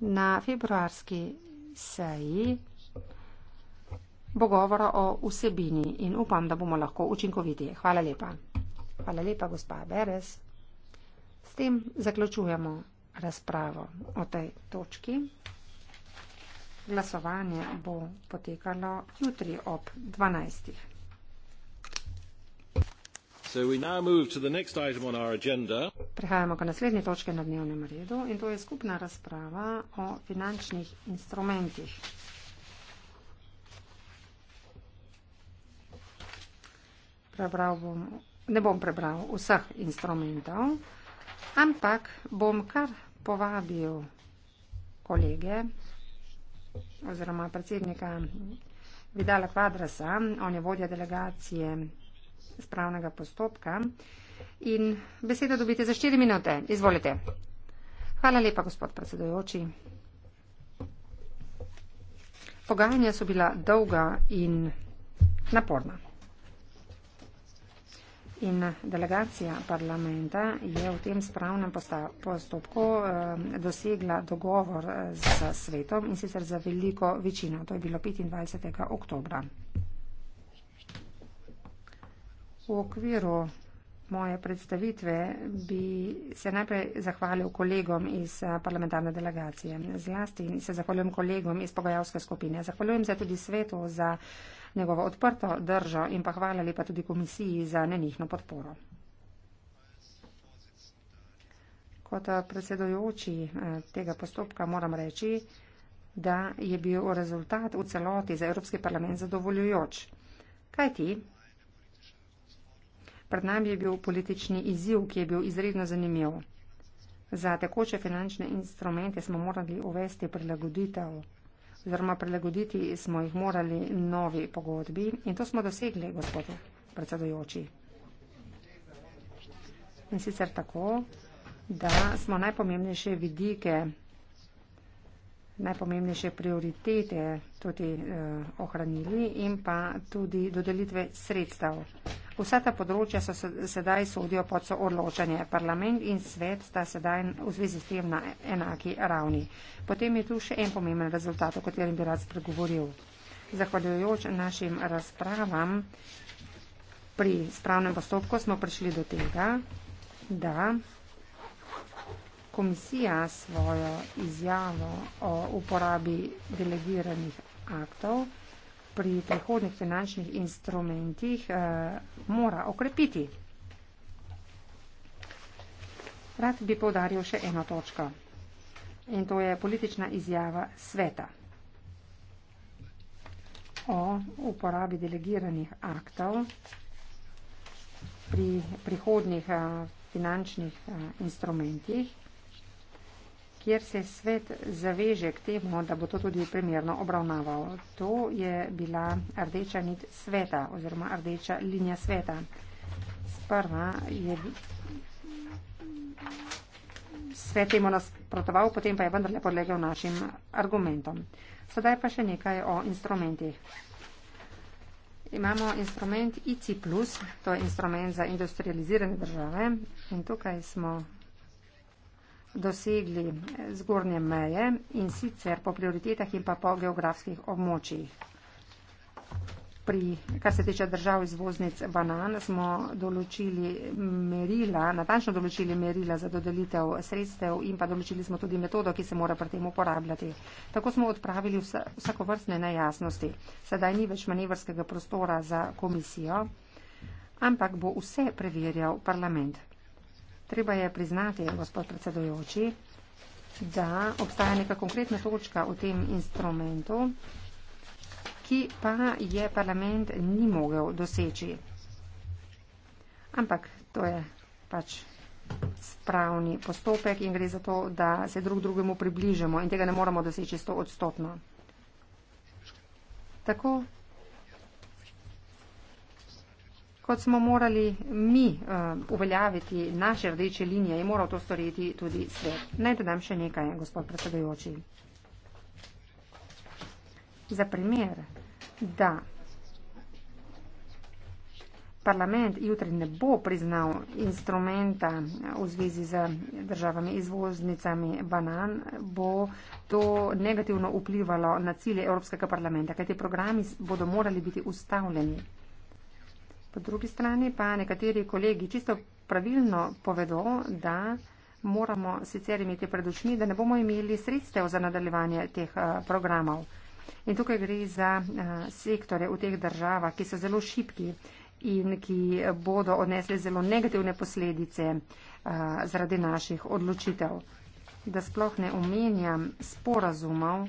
na februarski seji bo govora o vsebini in upam, da bomo lahko učinkoviti. Hvala lepa. Hvala lepa, gospa Beres. S tem zaključujemo razpravo o tej točki. Glasovanje bo potekalo jutri ob 12. So we now move to the next item on our agenda. Prehajamo k naslednji točki na dnevnem redu in to je skupna razprava o finančnih instrumentih. Prebral bom, ne bom prebral vseh instrumentov, ampak bom kar povabil kolege oziroma predsednika Vidala Kvadrasa, on je vodja delegacije spravnega postopka. In besedo dobite za štiri minute. Izvolite. Hvala lepa, gospod predsedojoči. Pogajanja so bila dolga in naporna. In delegacija parlamenta je v tem spravnem postopku eh, dosegla dogovor z eh, svetom in sicer za veliko večino. To je bilo 25. oktobra. V okviru moje predstavitve, bi se najprej zahvalil kolegom iz eh, parlamentarne delegacije. Zlasti se zahvaljujem kolegom iz pogajalske skupine. Zahvaljujem se tudi svetu za njegovo odprto držo in pa hvala lepa tudi komisiji za nenihno podporo. Kot eh, predsedujoči eh, tega postopka moram reči, da je bil rezultat v celoti za Evropski parlament zadovoljujoč. Kaj ti? Pred nami je bil politični izziv, ki je bil izredno zanimiv. Za tekoče finančne instrumente smo morali uvesti prilagoditev oziroma prilagoditi smo jih morali novi pogodbi in to smo dosegli, gospod predsedujoči. In sicer tako, da smo najpomembnejše vidike, najpomembnejše prioritete tudi eh, ohranili in pa tudi dodelitve sredstev. Vsa ta področja so sedaj sodijo pod soodločanje. Parlament in svet sta sedaj v zvezi s tem na enaki ravni. Potem je tu še en pomemben rezultat, o katerem bi rad spregovoril. Zahvaljujoč našim razpravam pri spravnem postopku smo prišli do tega, da komisija svojo izjavo o uporabi delegiranih aktov pri prihodnih finančnih instrumentih eh, mora okrepiti. Rad bi povdaril še eno točko in to je politična izjava sveta o uporabi delegiranih aktov pri prihodnih eh, finančnih eh, instrumentih kjer se svet zaveže k temu, da bo to tudi primerno obravnaval. To je bila rdeča nit sveta oziroma rdeča linija sveta. Sprva je svet temu nasprotoval, potem pa je vendarle podlegel našim argumentom. Sedaj pa še nekaj o instrumentih. Imamo instrument IC, to je instrument za industrializirane države in tukaj smo dosegli zgornje meje in sicer po prioritetah in pa po geografskih območjih. Pri, kar se tiče držav izvoznic banan, smo določili merila, natančno določili merila za dodelitev sredstev in pa določili smo tudi metodo, ki se mora pri tem uporabljati. Tako smo odpravili vsa, vsakovrstne nejasnosti. Sedaj ni več manevrskega prostora za komisijo, ampak bo vse preverjal parlament. Treba je priznati, gospod predsedujoči, da obstaja neka konkretna točka v tem instrumentu, ki pa je parlament ni mogel doseči. Ampak to je pač spravni postopek in gre za to, da se drug drugemu približamo in tega ne moremo doseči sto odstotno. Tako kot smo morali mi uh, uveljaviti naše rdeče linije, je moral to storiti tudi svet. Naj dodam še nekaj, gospod predsedujoči. Za primer, da parlament jutri ne bo priznal instrumenta eh, v zvezi z državami izvoznicami banan, bo to negativno vplivalo na cilje Evropskega parlamenta, kajti programi bodo morali biti ustavljeni. Po drugi strani pa nekateri kolegi čisto pravilno povedo, da moramo sicer imeti pred očmi, da ne bomo imeli sredstev za nadaljevanje teh eh, programov. In tukaj gre za eh, sektore v teh državah, ki so zelo šipki in ki bodo odnesli zelo negativne posledice eh, zaradi naših odločitev. Da sploh ne omenjam sporazumov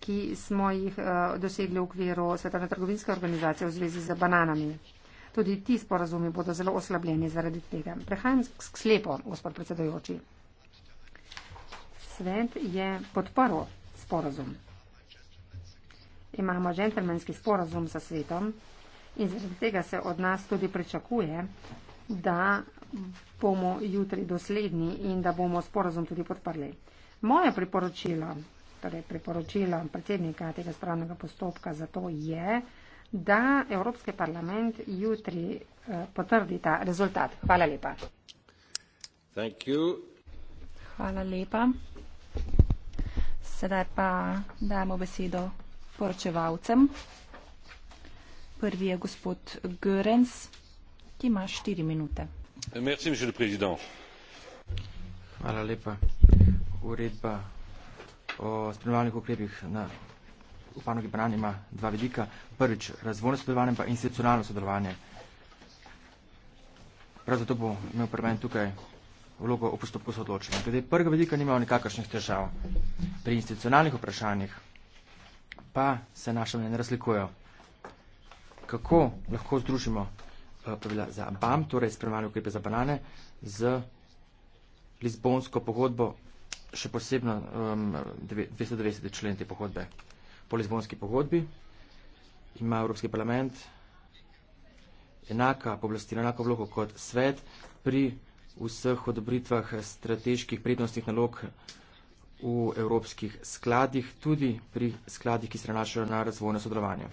ki smo jih eh, dosegli v okviru Svetovne trgovinske organizacije v zvezi z bananami. Tudi ti sporazumi bodo zelo oslabljeni zaradi tega. Prehajam k slepo, gospod predsedojoči. Svet je podprl sporazum. Imamo džentelmenski sporazum sa svetom in zaradi tega se od nas tudi pričakuje, da bomo jutri dosledni in da bomo sporazum tudi podprli. Moje priporočilo torej priporočila predsednika tega spravnega postopka za to je, da Evropski parlament jutri eh, potrdi ta rezultat. Hvala lepa. Thank you. Hvala lepa. Sedaj pa dajemo besedo poročevalcem. Prvi je gospod Görens, ki ima štiri minute. Merci, Hvala lepa. Uredba o spremljalnih ukrepih na v panogi banan ima dva vidika. Prvič, razvojno sodelovanje pa institucionalno sodelovanje. Prav zato bo imel prven tukaj vlogo o postopku sodločenja. Glede prvega vidika nima nikakršnih težav. Pri institucionalnih vprašanjih pa se naša mnenja razlikujejo. Kako lahko združimo eh, pravila za BAM, torej spremljalne ukrepe za banane, z Lizbonsko pogodbo še posebno um, 290. člen te pogodbe. Po Lizbonski pogodbi ima Evropski parlament enaka poblastila, enako vlogo kot svet pri vseh odobritvah strateških prednostnih nalog v evropskih skladih, tudi pri skladih, ki se nanašajo na razvojno sodelovanje.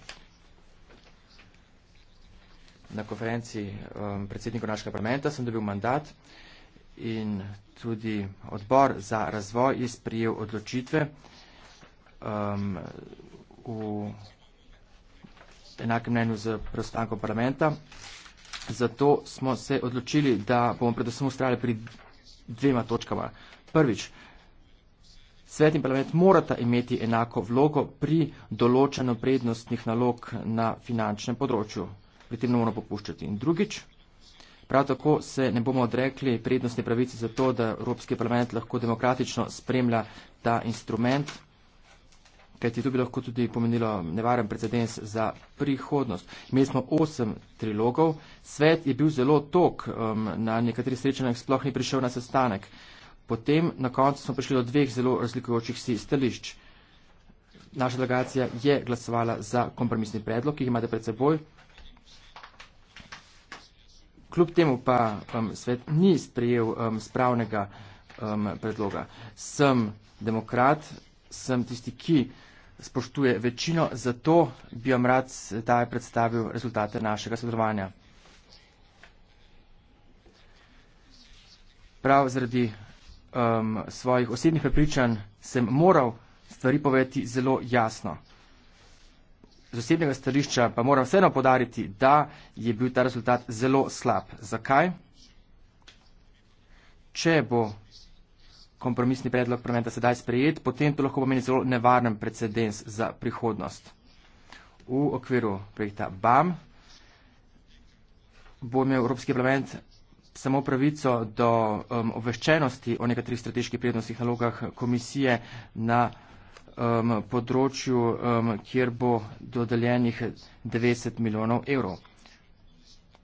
Na konferenci um, predsednikov našega parlamenta sem dobil mandat, in tudi odbor za razvoj je sprijel odločitve um, v enakem mnenju z prostankom parlamenta. Zato smo se odločili, da bomo predvsem ustrali pri dvema točkama. Prvič, svet in parlament morata imeti enako vlogo pri določanju prednostnih nalog na finančnem področju. Pri tem ne moramo popuščati. In drugič, Prav tako se ne bomo odrekli prednostne pravice za to, da Evropski parlament lahko demokratično spremlja ta instrument, kajti to bi lahko tudi pomenilo nevaren precedens za prihodnost. Imeli smo osem trilogov, svet je bil zelo tok, um, na nekaterih srečanjih sploh ni prišel na sestanek. Potem na koncu smo prišli do dveh zelo razlikujočih si stališč. Naša delegacija je glasovala za kompromisni predlog, ki jih imate pred seboj kljub temu pa um, svet ni sprejel um, spravnega um, predloga. Sem demokrat, sem tisti, ki spoštuje večino, zato bi vam rad zdaj predstavil rezultate našega sodelovanja. Prav zaradi um, svojih osebnih prepričanj sem moral stvari povedati zelo jasno z osebnega stališča pa moram vseeno podariti, da je bil ta rezultat zelo slab. Zakaj? Če bo kompromisni predlog parlamenta sedaj sprejet, potem to lahko pomeni zelo nevarnem precedens za prihodnost. V okviru projekta BAM bo imel Evropski parlament samo pravico do um, obveščenosti o nekaterih strateških prednostih nalogah komisije na um, področju, um, kjer bo dodeljenih 90 milijonov evrov.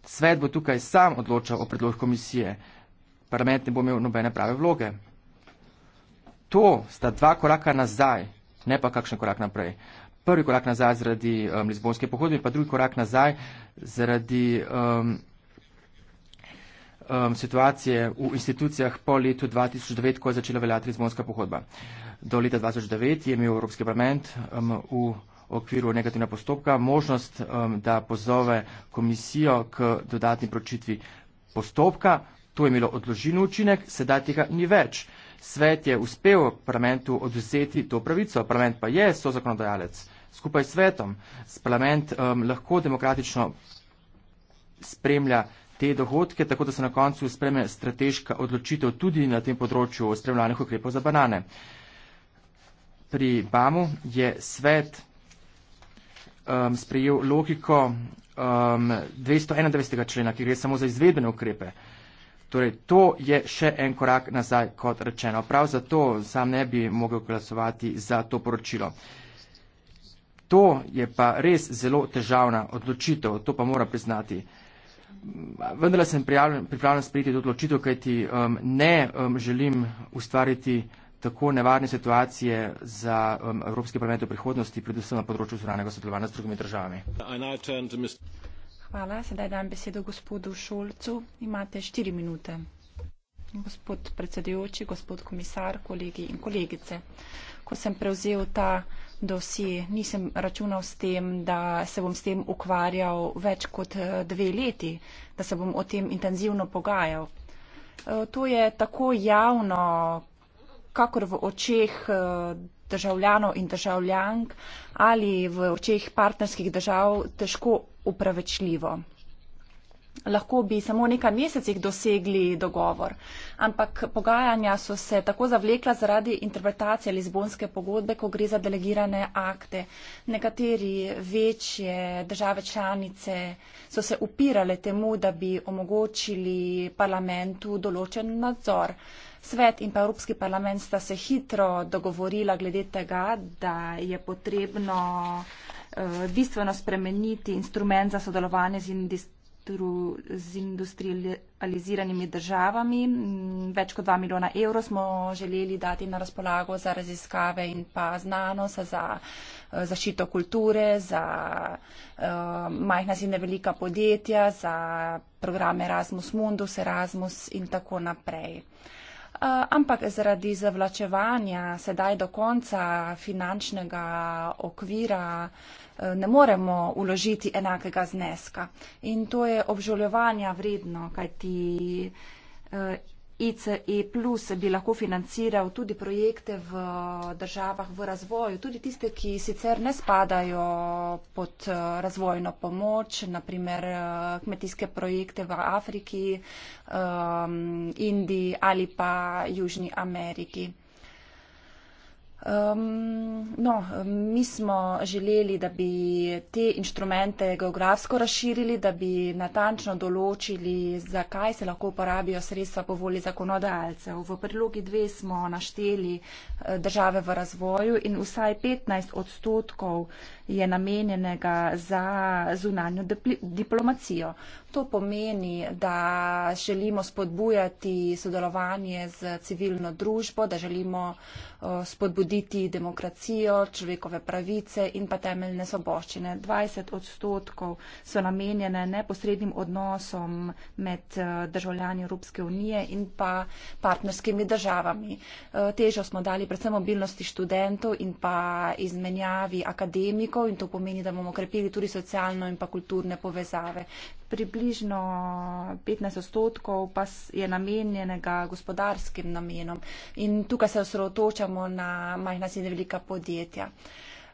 Svet bo tukaj sam odločal o predlogu komisije. Parlament ne bo imel nobene prave vloge. To sta dva koraka nazaj, ne pa kakšen korak naprej. Prvi korak nazaj zaradi um, Lizbonske pohodbe, pa drugi korak nazaj zaradi um, um, situacije v institucijah po letu 2009, ko je začela veljati Lizbonska pohodba. Do leta 2009 je imel Evropski parlament um, v okviru negativna postopka možnost, um, da pozove komisijo k dodatni pročitvi postopka. To je imelo odložen učinek, sedaj tega ni več. Svet je uspel parlamentu oduzeti to pravico, parlament pa je so zakonodajalec. Skupaj s svetom parlament um, lahko demokratično spremlja te dohodke, tako da se na koncu spreme strateška odločitev tudi na tem področju spremljanih ukrepov za banane. Pri BAMU je svet um, sprejel logiko um, 291. člena, ki gre samo za izvedbene ukrepe. Torej, to je še en korak nazaj, kot rečeno. Prav zato sam ne bi mogel glasovati za to poročilo. To je pa res zelo težavna odločitev, to pa mora priznati vendar sem pripravljen sprejeti to odločitev, kajti um, ne um, želim ustvariti tako nevarne situacije za um, Evropski parlament v prihodnosti, predvsem na področju zranjega sodelovanja s drugimi državami. Hvala. Sedaj dam besedo gospodu Šolcu. Imate štiri minute. Gospod predsedujoči, gospod komisar, kolegi in kolegice ko sem prevzel ta dosje. Nisem računal s tem, da se bom s tem ukvarjal več kot eh, dve leti, da se bom o tem intenzivno pogajal. Eh, to je tako javno, kakor v očeh eh, državljanov in državljank ali v očeh partnerskih držav težko upravečljivo lahko bi samo v nekaj mesecih dosegli dogovor. Ampak pogajanja so se tako zavlekla zaradi interpretacije Lizbonske pogodbe, ko gre za delegirane akte. Nekateri večje države članice so se upirale temu, da bi omogočili parlamentu določen nadzor. Svet in pa Evropski parlament sta se hitro dogovorila glede tega, da je potrebno eh, bistveno spremeniti instrument za sodelovanje z industrijo sektorju z industrializiranimi državami. Več kot 2 milijona evrov smo želeli dati na razpolago za raziskave in pa znanost, za eh, zašito kulture, za eh, majhna zine velika podjetja, za programe Erasmus Mundus, Erasmus in tako naprej. Eh, ampak zaradi zavlačevanja sedaj do konca finančnega okvira eh, ne moremo uložiti enakega zneska. In to je obžalovanja vredno, kajti eh, ICE, bi lahko financiral tudi projekte v državah v razvoju, tudi tiste, ki sicer ne spadajo pod eh, razvojno pomoč, naprimer eh, kmetijske projekte v Afriki, ehm, Indiji ali pa Južni Ameriki. Um, no, mi smo želeli, da bi te inštrumente geografsko razširili, da bi natančno določili, zakaj se lahko uporabijo sredstva po voli zakonodajalcev. V prilogi dve smo našteli eh, države v razvoju in vsaj 15 odstotkov je namenjenega za zunanjo diplomacijo. To pomeni, da želimo spodbujati sodelovanje z civilno družbo, da želimo spodbuditi demokracijo, človekove pravice in pa temeljne soboščine. 20 odstotkov so namenjene neposrednim odnosom med državljani Evropske unije in pa partnerskimi državami. Težo smo dali predvsem mobilnosti študentov in pa izmenjavi akademikov potnikov in to pomeni, da bomo krepili tudi socialno in pa kulturne povezave. Približno 15 odstotkov pa je namenjenega gospodarskim namenom in tukaj se osredotočamo na majhna in velika podjetja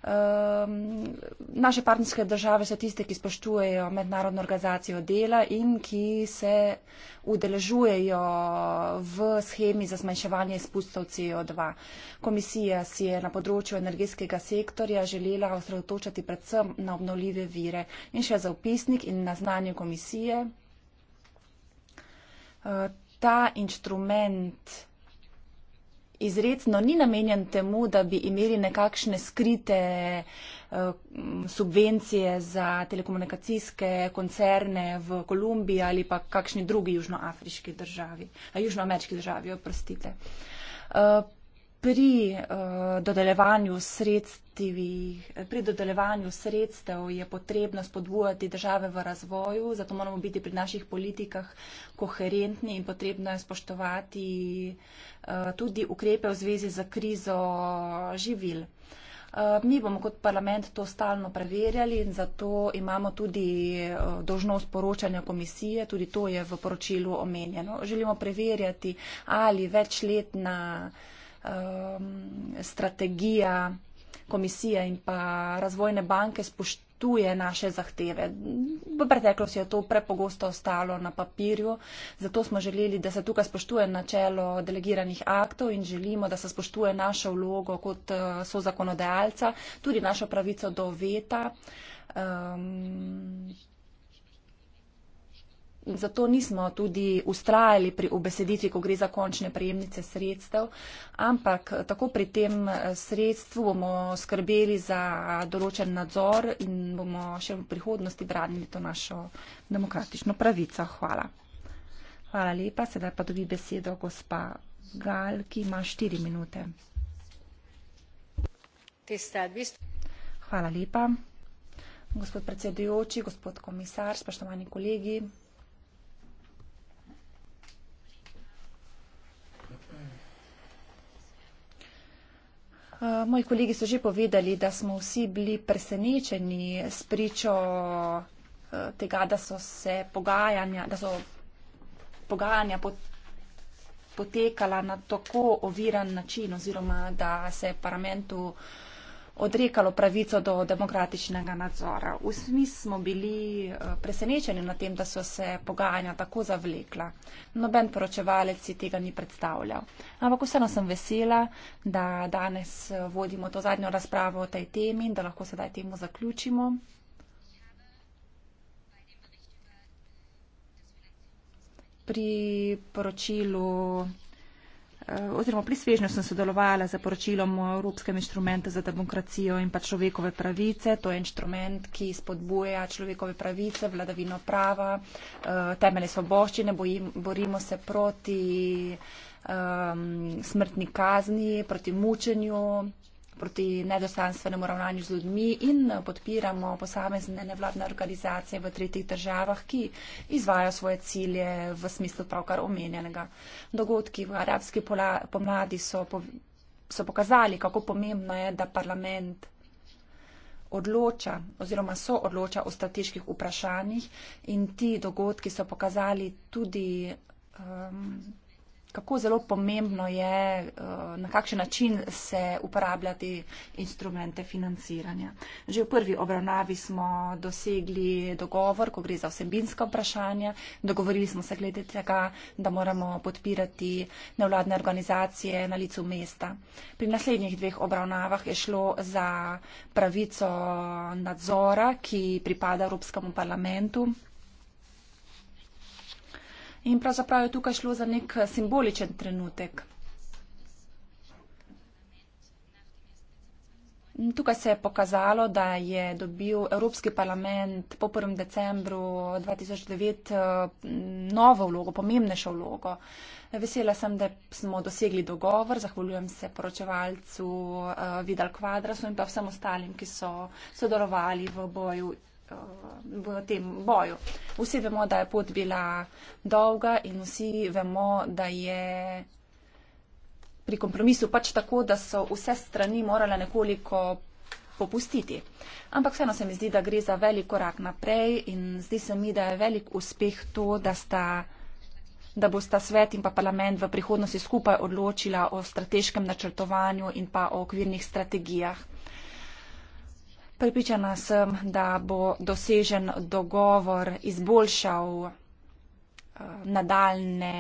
um, naše partnerske države so tiste, ki spoštujejo mednarodno organizacijo dela in ki se udeležujejo v schemi za zmanjševanje izpustov CO2. Komisija si je na področju energetskega sektorja želela osredotočati predvsem na obnovljive vire in še za upisnik in na znanje komisije. Uh, ta inštrument izredno ni namenjen temu, da bi imeli nekakšne skrite eh, subvencije za telekomunikacijske koncerne v Kolumbiji ali pa kakšni drugi južnoafriški državi, eh, južnoameriški državi, oprostite. Eh, pri uh, dodeljevanju sredstv. Pri dodeljevanju sredstev je potrebno spodbujati države v razvoju, zato moramo biti pri naših politikah koherentni in potrebno je spoštovati eh, tudi ukrepe v zvezi z krizo živil. Eh, mi bomo kot parlament to stalno preverjali in zato imamo tudi dožnost poročanja komisije, tudi to je v poročilu omenjeno. Želimo preverjati, ali večletna um, strategija komisije in pa razvojne banke spoštuje naše zahteve. V preteklosti je to prepogosto ostalo na papirju, zato smo želeli, da se tukaj spoštuje načelo delegiranih aktov in želimo, da se spoštuje našo vlogo kot uh, so zakonodajalca, tudi našo pravico do veta. Um, Zato nismo tudi ustrajali pri obeseditvi, ko gre za končne prejemnice sredstev, ampak tako pri tem eh, sredstvu bomo skrbeli za določen nadzor in bomo še v prihodnosti branili to našo demokratično pravico. Hvala. Hvala lepa. Sedaj pa dobi besedo gospa Gal, ki ima štiri minute. Hvala lepa. Gospod predsedujoči, gospod komisar, spoštovani kolegi. Eh, moji kolegi so že povedali, da smo vsi bili presenečeni s pričo eh, tega, da so se pogajanja, da so pogajanja potekala na tako oviran način oziroma da se parlamentu uh, odrekalo pravico do demokratičnega nadzora. Vsi smo bili eh, presenečeni na tem, da so se pogajanja tako zavlekla. Noben poročevalec si tega ni predstavljal. Ampak vseeno sem vesela, da danes eh, vodimo to zadnjo razpravo o tej temi in da lahko sedaj temu zaključimo. Pri poročilu Eh, oziroma pri svežnju sem sodelovala za poročilom o Evropskem inštrumentu za demokracijo in pa človekove pravice. To je inštrument, ki spodbuja človekove pravice, vladavino prava, eh, temelje svoboščine, borimo se proti ehm, smrtni kazni, proti mučenju proti nedostanstvenemu ravnanju z ljudmi in eh, podpiramo posamezne nevladne organizacije v tretjih državah, ki izvajo svoje cilje v smislu pravkar omenjenega. Dogodki v arabski pomladi so, po, so pokazali, kako pomembno je, da parlament odloča oziroma so odloča o strateških vprašanjih in ti dogodki so pokazali tudi um, kako zelo pomembno je, eh, na kakšen način se uporabljati instrumente financiranja. Že v prvi obravnavi smo dosegli dogovor, ko gre za vsebinska vprašanja. Dogovorili smo se glede tega, da moramo podpirati nevladne organizacije na licu mesta. Pri naslednjih dveh obravnavah je šlo za pravico nadzora, ki pripada Evropskemu parlamentu. In pravzaprav je tukaj šlo za nek simboličen trenutek. Tukaj se je pokazalo, da je dobil Evropski parlament po 1. decembru 2009 eh, novo vlogo, pomembnejšo vlogo. Vesela sem, da smo dosegli dogovor. Zahvaljujem se poročevalcu eh, Vidal Kvadrasu in pa vsem ostalim, ki so sodelovali v boju v tem boju. Vsi vemo, da je pot bila dolga in vsi vemo, da je pri kompromisu pač tako, da so vse strani morale nekoliko popustiti. Ampak vseeno se mi zdi, da gre za velik korak naprej in zdi se mi, da je velik uspeh to, da sta da bosta svet in pa parlament v prihodnosti skupaj odločila o strateškem načrtovanju in pa o okvirnih strategijah. Pripričana sem, da bo dosežen dogovor izboljšal eh, nadaljne,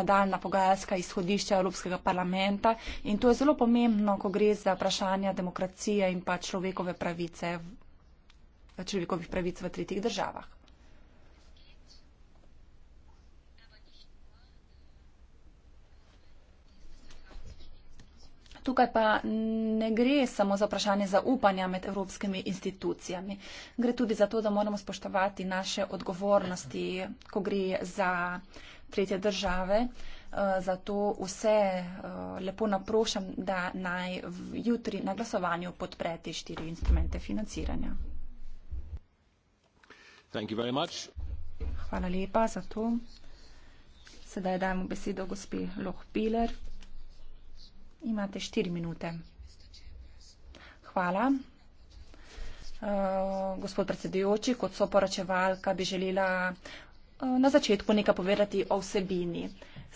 nadaljna pogajalska izhodišča Evropskega parlamenta in to je zelo pomembno, ko gre za vprašanja demokracije in pa človekove pravice, človekovih pravic v tretjih državah. Tukaj pa ne gre samo za vprašanje zaupanja med evropskimi institucijami. Gre tudi za to, da moramo spoštovati naše odgovornosti, ko gre za tretje države. Eh, zato vse eh, lepo naprošam, da naj jutri na glasovanju podprete štiri instrumente financiranja. Hvala lepa za to. Sedaj dajemo besedo gospe Loh Peler. Imate štiri minute. Hvala. Uh, gospod predsedujoči, kot so poročevalka, bi želela uh, na začetku nekaj povedati o vsebini.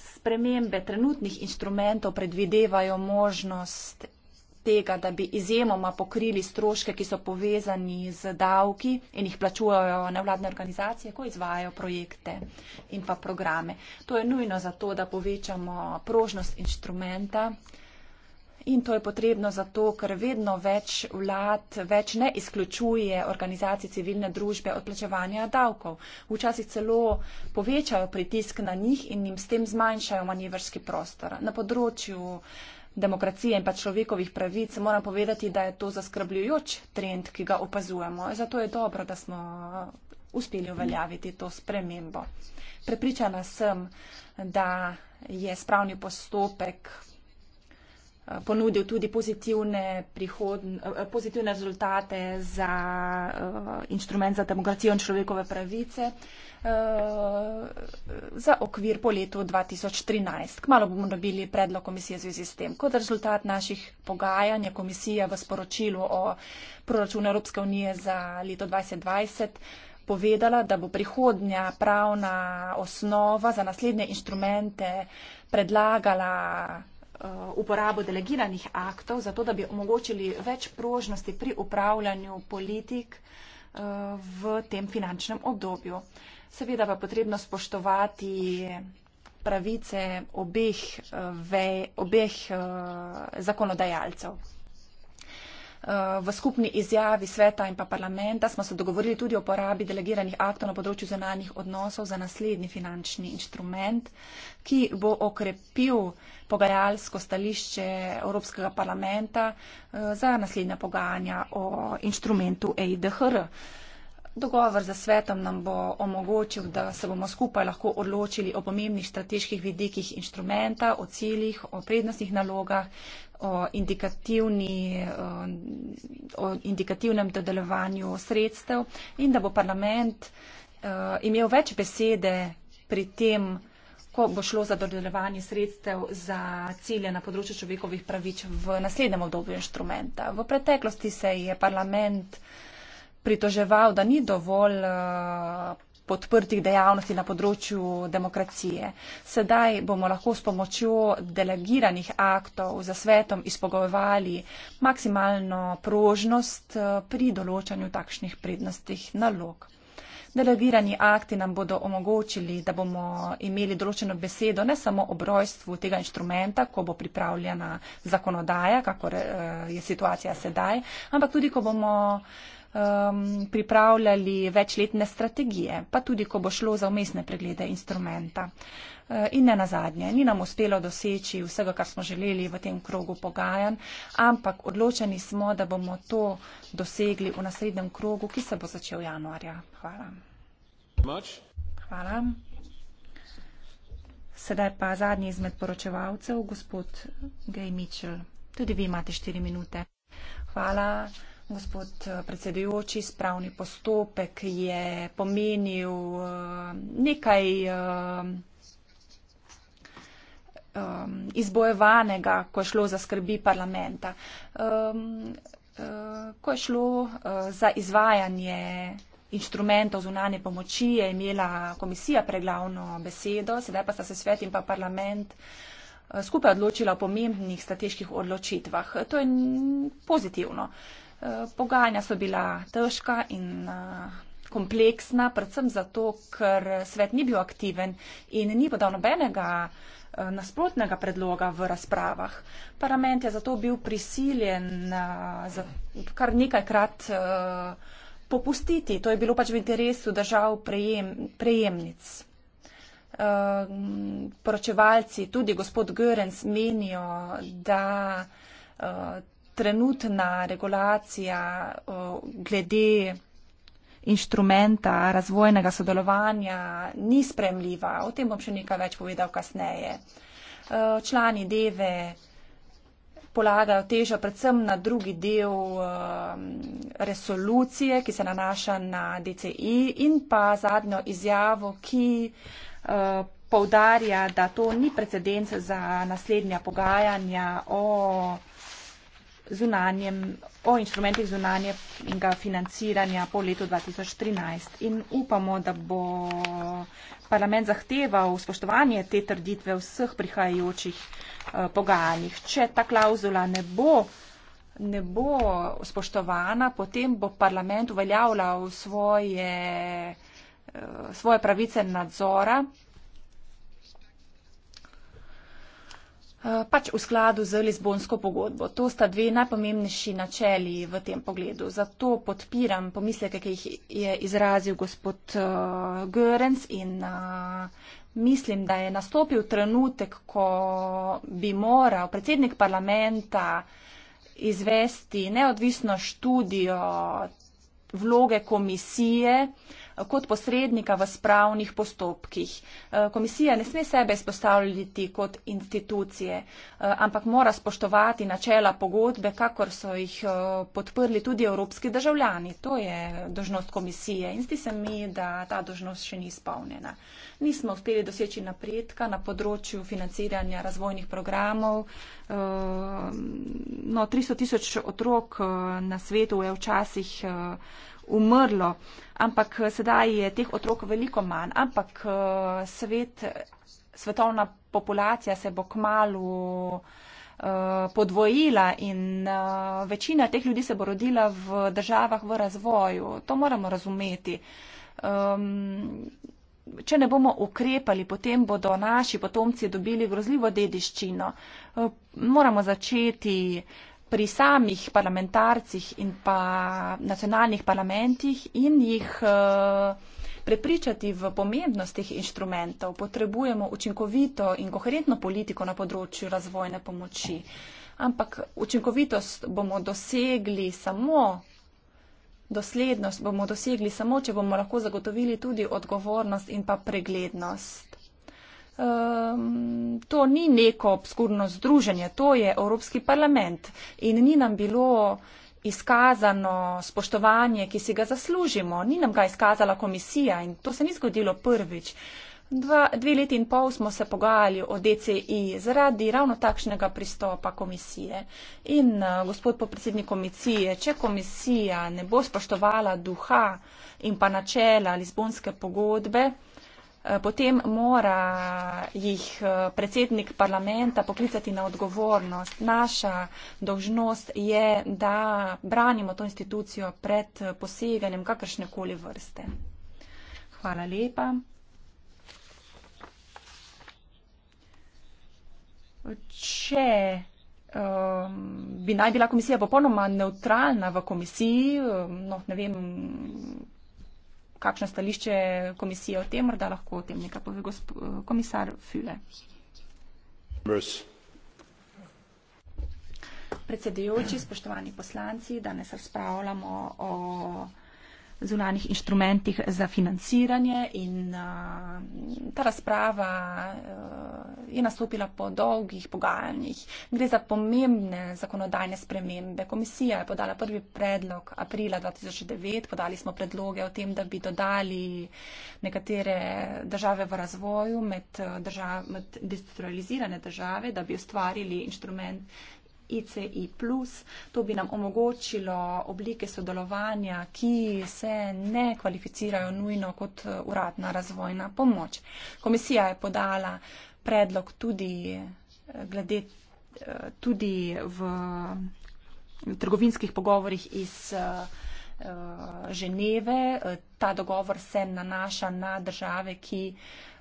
Spremembe trenutnih instrumentov predvidevajo možnost tega, da bi izjemoma pokrili stroške, ki so povezani z davki in jih plačujejo nevladne organizacije, ko izvajajo projekte in pa programe. To je nujno zato, da povečamo prožnost inštrumenta. Uh, In to je potrebno zato, ker vedno več vlad več ne izključuje organizacij civilne družbe od plačevanja davkov. Včasih celo povečajo pritisk na njih in jim s tem zmanjšajo manjverski prostor. Na področju demokracije in pa človekovih pravic moram povedati, da je to zaskrbljujoč trend, ki ga opazujemo. Zato je dobro, da smo uspeli uveljaviti to spremembo. Prepričana sem, da je spravni postopek Eh, ponudil tudi pozitivne, prihodn, eh, pozitivne rezultate za uh, inštrument za demokracijo in človekove pravice uh, za okvir po letu 2013. Kmalo bomo dobili predlog komisije zvezi s tem. Kot rezultat naših pogajanj je komisija v sporočilu o proračunu Evropske unije za leto 2020 povedala, da bo prihodnja pravna osnova za naslednje inštrumente predlagala Uh, uporabo delegiranih aktov, zato da bi omogočili več prožnosti pri upravljanju politik uh, v tem finančnem obdobju. Seveda pa je potrebno spoštovati pravice obeh, uh, vej, obeh zakonodajalcev. Eh, v skupni izjavi sveta in pa parlamenta smo se dogovorili tudi o porabi delegiranih aktov na področju zunanjih odnosov za naslednji finančni inštrument, ki bo okrepil pogajalsko stališče Evropskega parlamenta eh, za naslednja pogajanja o inštrumentu EIDHR. Dogovor za svetom nam bo omogočil, da se bomo skupaj lahko odločili o pomembnih strateških vidikih inštrumenta, o ciljih, o prednostnih nalogah, o, eh, o indikativnem dodelovanju sredstev in da bo parlament eh, imel več besede pri tem, ko bo šlo za dodelovanje sredstev za cilje na področju človekovih pravič v naslednjem obdobju inštrumenta. V preteklosti se je parlament pritoževal, da ni dovolj eh, podprtih dejavnosti na področju demokracije. Sedaj bomo lahko s pomočjo delegiranih aktov za svetom izpogojevali maksimalno prožnost eh, pri določanju takšnih prednostih nalog. Delegirani akti nam bodo omogočili, da bomo imeli določeno besedo ne samo o brojstvu tega inštrumenta, ko bo pripravljena zakonodaja, kakor eh, je situacija sedaj, ampak tudi, ko bomo uh, um, pripravljali večletne strategije, pa tudi, ko bo šlo za umestne preglede instrumenta. Uh, in ne nazadnje, ni nam uspelo doseči vsega, kar smo želeli v tem krogu pogajanj, ampak odločeni smo, da bomo to dosegli v naslednjem krogu, ki se bo začel januarja. Hvala. Hvala. Sedaj pa zadnji izmed poročevalcev, gospod Gay Mitchell. Tudi vi imate štiri minute. Hvala gospod eh, predsedujoči, spravni postopek je pomenil eh, nekaj eh, izbojevanega, ko je šlo za skrbi parlamenta, ehm, ko je šlo za izvajanje inštrumentov zunanje pomoči, je imela komisija preglavno besedo, sedaj pa sta se svet in pa parlament skupaj odločila o pomembnih strateških odločitvah. To je pozitivno. Eh, pogajanja so bila težka in eh, kompleksna, predvsem zato, ker svet ni bil aktiven in ni podal nobenega eh, nasprotnega predloga v razpravah. Parlament je zato bil prisiljen kar nekajkrat popustiti. To je bilo pač v interesu držav prejem, prejemnic. Poročevalci, tudi gospod Görens, menijo, da trenutna regulacija glede inštrumenta razvojnega sodelovanja ni spremljiva. O tem bom še nekaj več povedal kasneje. Člani deve polagajo težo predvsem na drugi del resolucije, ki se nanaša na DCI in pa zadnjo izjavo, ki poudarja, da to ni precedens za naslednja pogajanja o zunanjem, o inštrumentih zunanjega financiranja po letu 2013 in upamo, da bo parlament zahteval spoštovanje te trditve v vseh prihajajočih eh, pogajanjih. Če ta klauzula ne bo, ne bo spoštovana, potem bo parlament uveljavljal svoje, eh, svoje pravice nadzora pač v skladu z Lizbonsko pogodbo. To sta dve najpomembnejši načeli v tem pogledu. Zato podpiram pomisleke, ki jih je izrazil gospod uh, Görens in uh, mislim, da je nastopil trenutek, ko bi moral predsednik parlamenta izvesti neodvisno študijo vloge komisije, uh, kot posrednika v spravnih postopkih. Eh, komisija ne sme sebe izpostavljati kot institucije, eh, ampak mora spoštovati načela pogodbe, kakor so jih eh, podprli tudi evropski državljani. To je dožnost komisije in zdi se mi, da ta dožnost še ni izpolnjena. Nismo uspeli doseči napredka na področju financiranja razvojnih programov. No, 300 tisoč otrok na svetu je včasih umrlo. Ampak eh, sedaj je teh otrok veliko manj. Ampak eh, svet, svetovna populacija se bo kmalo eh, podvojila in večina teh ljudi se bo rodila v državah v razvoju. To moramo razumeti. Če ne bomo ukrepali, potem bodo naši potomci dobili grozljivo dediščino. Moramo začeti uh, pri samih parlamentarcih in pa nacionalnih parlamentih in jih eh, prepričati v pomembnost teh inštrumentov. Potrebujemo učinkovito in koherentno politiko na področju razvojne pomoči. Ampak učinkovitost bomo dosegli samo, doslednost bomo dosegli samo, če bomo lahko zagotovili tudi odgovornost in pa preglednost. Um, to ni neko obskurno združenje, to je Evropski parlament in ni nam bilo izkazano spoštovanje, ki si ga zaslužimo, ni nam ga izkazala komisija in to se ni zgodilo prvič. Dva, dve leti in pol smo se pogajali o DCI zaradi ravno takšnega pristopa komisije. In eh, gospod popredsednik komisije, če komisija ne bo spoštovala duha in pa načela Lizbonske pogodbe, Eh, potem mora jih eh, predsednik parlamenta poklicati na odgovornost. Naša dolžnost je, da branimo to institucijo pred poseganjem kakršnekoli vrste. Hvala lepa. Če um, bi naj bila komisija popolnoma neutralna v komisiji, ehm, no, ne vem, kakšno stališče komisije o tem, morda lahko o tem nekaj pove komisar Füle. Members. Predsedujoči, spoštovani poslanci, danes razpravljamo o zunanjih inštrumentih za financiranje in ta razprava je nastopila po dolgih pogajanjih. Gre za pomembne zakonodajne spremembe. Komisija je podala prvi predlog aprila 2009, podali smo predloge o tem, da bi dodali nekatere države v razvoju med, držav, med destruktualizirane države, da bi ustvarili inštrument ICI. To bi nam omogočilo oblike sodelovanja, ki se ne kvalificirajo nujno kot eh, uradna razvojna pomoč. Komisija je podala predlog tudi, eh, glede, eh, tudi v trgovinskih pogovorih iz Ženeve. Ta dogovor se nanaša na države, ki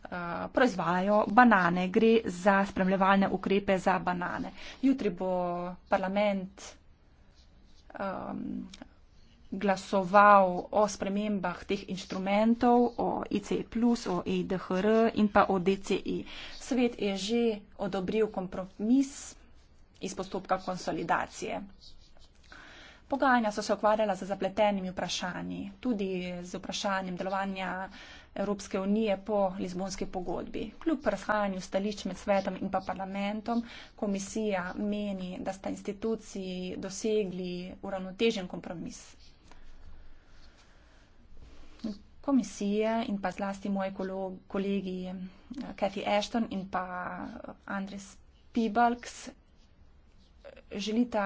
Eh, proizvajajo banane, gre za spremljevalne ukrepe za banane. Jutri bo parlament um, glasoval o spremembah teh inštrumentov, o IC, o EDHR in pa o DCI. E. Svet je že odobril kompromis iz postopka konsolidacije. Pogajanja so se ukvarjala z zapletenimi vprašanji, tudi z vprašanjem delovanja uh, Evropske unije po Lizbonski pogodbi. Kljub razhajanju stališč med svetom in pa parlamentom, komisija meni, da sta instituciji dosegli uravnotežen kompromis. Komisije in pa zlasti moji kolegi Kathy Ashton in pa Andres Pibalks želita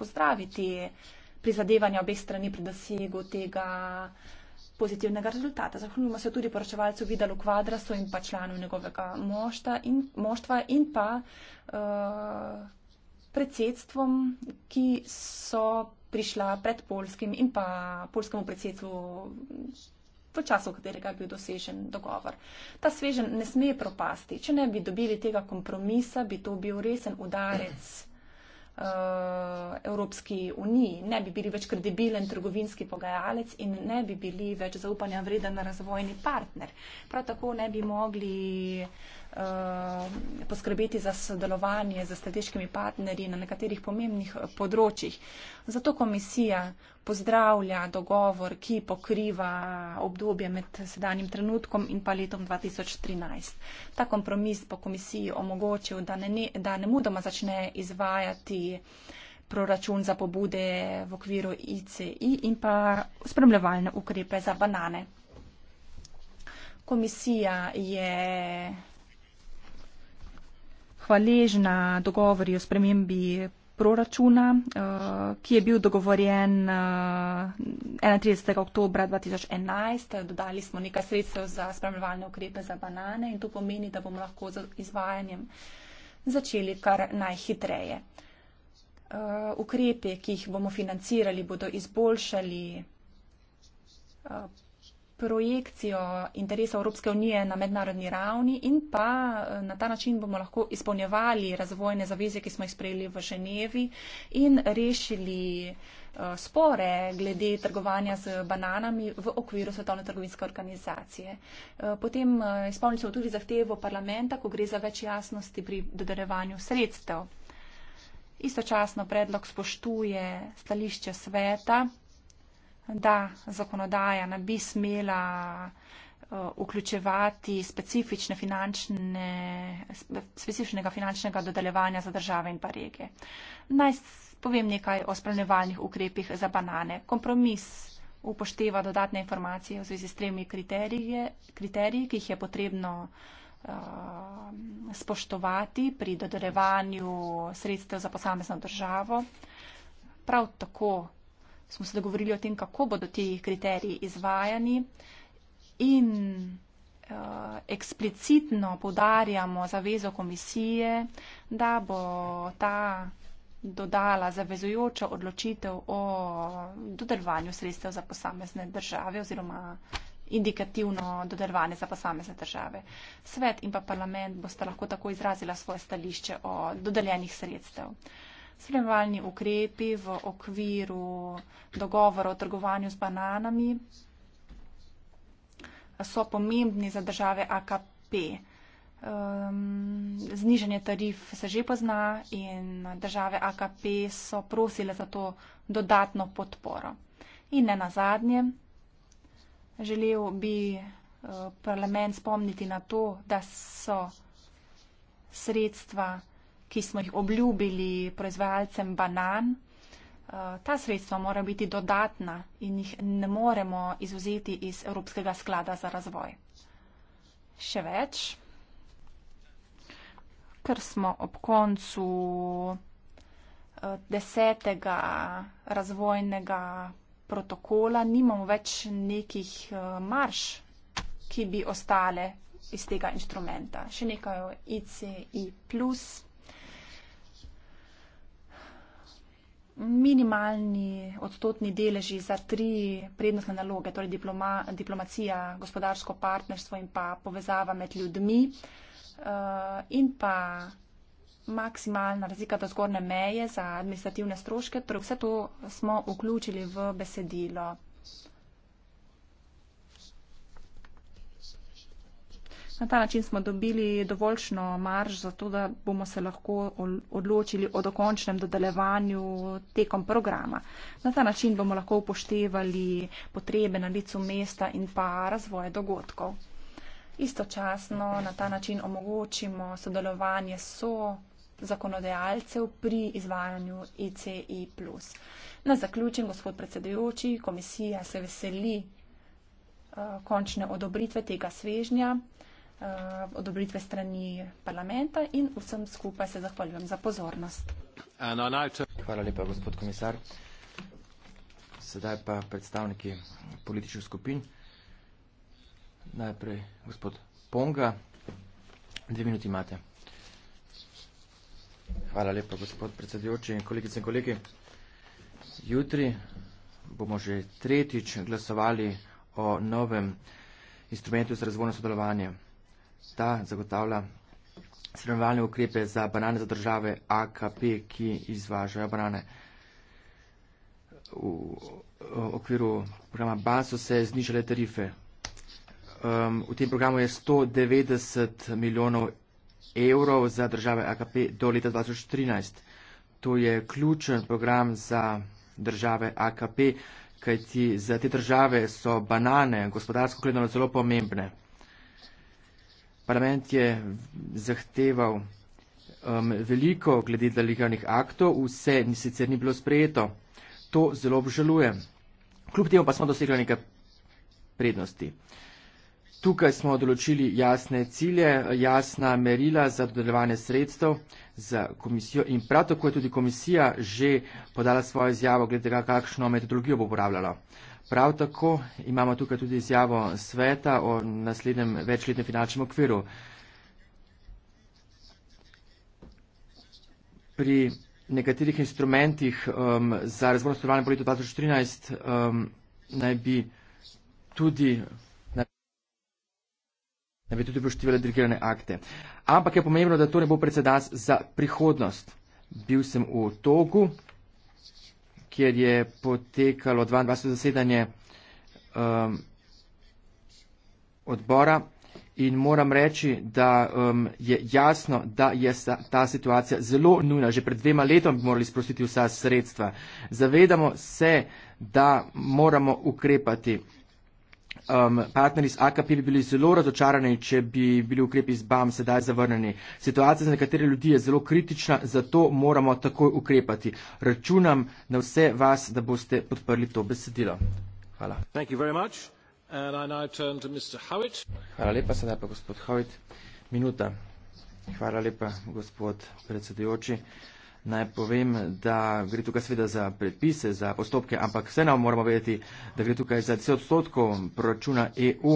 pozdraviti prizadevanja obeh strani pri dosegu tega uh, pozitivnega rezultata. Zahvaljujemo se tudi poročevalcu Vidalu Kvadrasu in pa članu njegovega mošta in, moštva in pa uh, predsedstvom, ki so prišla pred polskim in pa polskemu predsedstvu v času, v katerega je bil dosežen dogovor. Ta svežen ne sme propasti. Če ne bi dobili tega kompromisa, bi to bil resen udarec Eh, Evropski uniji, ne bi bili več kredibilen trgovinski pogajalec in ne bi bili več zaupanja vreden razvojni partner. Prav tako ne bi mogli uh, Eh, poskrbeti za sodelovanje z strateškimi partnerji na nekaterih pomembnih področjih. Zato komisija pozdravlja dogovor, ki pokriva obdobje med sedanjim trenutkom in pa letom 2013. Ta kompromis bo komisiji omogočil, da ne, ne, da ne mudoma začne izvajati proračun za pobude v okviru ICI in pa spremljevalne ukrepe za banane. Komisija je hvaležna dogovori o spremembi proračuna, eh, ki je bil dogovorjen 31. oktober 2011. Dodali smo nekaj sredstev za spremljevalne ukrepe za banane in to pomeni, da bomo lahko z izvajanjem začeli kar najhitreje. Eh, ukrepe, ki jih bomo financirali, bodo izboljšali eh, projekcijo interesa Evropske unije na mednarodni ravni in pa eh, na ta način bomo lahko izpolnjevali razvojne zaveze, ki smo jih sprejeli v Ženevi in rešili eh, spore glede trgovanja z bananami v okviru Svetovne trgovinske organizacije. Eh, potem izpolnili smo tudi zahtevo parlamenta, ko gre za več jasnosti pri dodarevanju sredstev. Istočasno predlog spoštuje stališče sveta da zakonodaja ne bi smela eh, vključevati specifične finančne, specifičnega finančnega dodeljevanja za države in pa regije. Naj povem nekaj o spremljevalnih ukrepih za banane. Kompromis upošteva dodatne informacije v zvezi s tremi kriteriji, kriteriji ki jih je potrebno uh, spoštovati pri dodeljevanju sredstev za posamezno državo. Prav tako smo se dogovorili o tem, kako bodo ti kriteriji izvajani in eh, eksplicitno podarjamo zavezo komisije, da bo ta dodala zavezujočo odločitev o dodelovanju sredstev za posamezne države oziroma indikativno dodelovanje za posamezne države. Svet in pa parlament bosta lahko tako izrazila svoje stališče o dodeljenih sredstev spremljalni ukrepi v okviru dogovora o trgovanju z bananami so pomembni za države AKP. Um, ehm, znižanje tarif se že pozna in države AKP so prosile za to dodatno podporo. In ne nazadnje, želel bi eh, parlament spomniti na to, da so sredstva ki smo jih obljubili proizvajalcem banan. Eh, ta sredstva mora biti dodatna in jih ne moremo izuzeti iz Evropskega sklada za razvoj. Še več, ker smo ob koncu eh, desetega razvojnega protokola, nimamo več nekih eh, marš, ki bi ostale iz tega inštrumenta. Še nekaj o ICI. minimalni odstotni deleži za tri prednostne naloge, torej diploma, diplomacija, gospodarsko partnerstvo in pa povezava med ljudmi eh, in pa maksimalna razlika do zgornje meje za administrativne stroške. Torej vse to smo vključili v besedilo. Na ta način smo dobili dovoljšno marž, zato da bomo se lahko odločili o dokončnem dodelevanju tekom programa. Na ta način bomo lahko upoštevali potrebe na licu mesta in pa razvoje dogodkov. Istočasno na ta način omogočimo sodelovanje so zakonodajalcev pri izvajanju ICI. E e na zaključen, gospod predsedujoči, komisija se veseli uh, končne odobritve tega svežnja. Eh, odobritve strani parlamenta in vsem skupaj se zahvaljujem za pozornost. Hvala lepa, gospod komisar. Sedaj pa predstavniki političnih skupin. Najprej gospod Ponga. Dve minuti imate. Hvala lepa, gospod predsedujoči in kolegice in kolegi. Jutri bomo že tretjič glasovali o novem instrumentu za razvojno sodelovanje da zagotavlja sremovalne ukrepe za banane za države AKP, ki izvažajo banane. V okviru programa BAN so se znižale tarife. Um, v tem programu je 190 milijonov evrov za države AKP do leta 2013. To je ključen program za države AKP, kajti za te države so banane gospodarsko gledano zelo pomembne. Parlament je zahteval um, veliko glede delegiranih aktov, vse ni sicer ni bilo sprejeto. To zelo obžalujem. Kljub temu pa smo dosegli nekaj prednosti. Tukaj smo določili jasne cilje, jasna merila za dodeljevanje sredstev za komisijo in prav tako je tudi komisija že podala svojo izjavo glede tega, kakšno metodologijo bo uporabljala. Uh, Prav tako imamo tukaj tudi izjavo sveta o naslednjem večletnem finančnem okviru. Pri nekaterih instrumentih um, za razvoj strovanja po letu 2013 um, naj bi tudi, tudi poštivali dirigirane akte. Ampak je pomembno, da to ne bo predsedas za prihodnost. Bil sem v Togu, kjer je potekalo 22. zasedanje um, odbora in moram reči, da um, je jasno, da je sta, ta situacija zelo nujna. Že pred dvema letom bi morali sprostiti vsa sredstva. Zavedamo se, da moramo ukrepati um, partneri iz AKP bi bili zelo razočarani, če bi bili ukrepi z BAM sedaj zavrnjeni. Situacija za nekatere ljudi je zelo kritična, zato moramo takoj ukrepati. Računam na vse vas, da boste podprli to besedilo. Hvala. Hvala lepa, sedaj pa gospod Howitt. Minuta. Hvala lepa, gospod predsedujoči. Naj povem, da gre tukaj seveda za predpise, za postopke, ampak vseeno moramo vedeti, da gre tukaj za 10 odstotkov proračuna EU,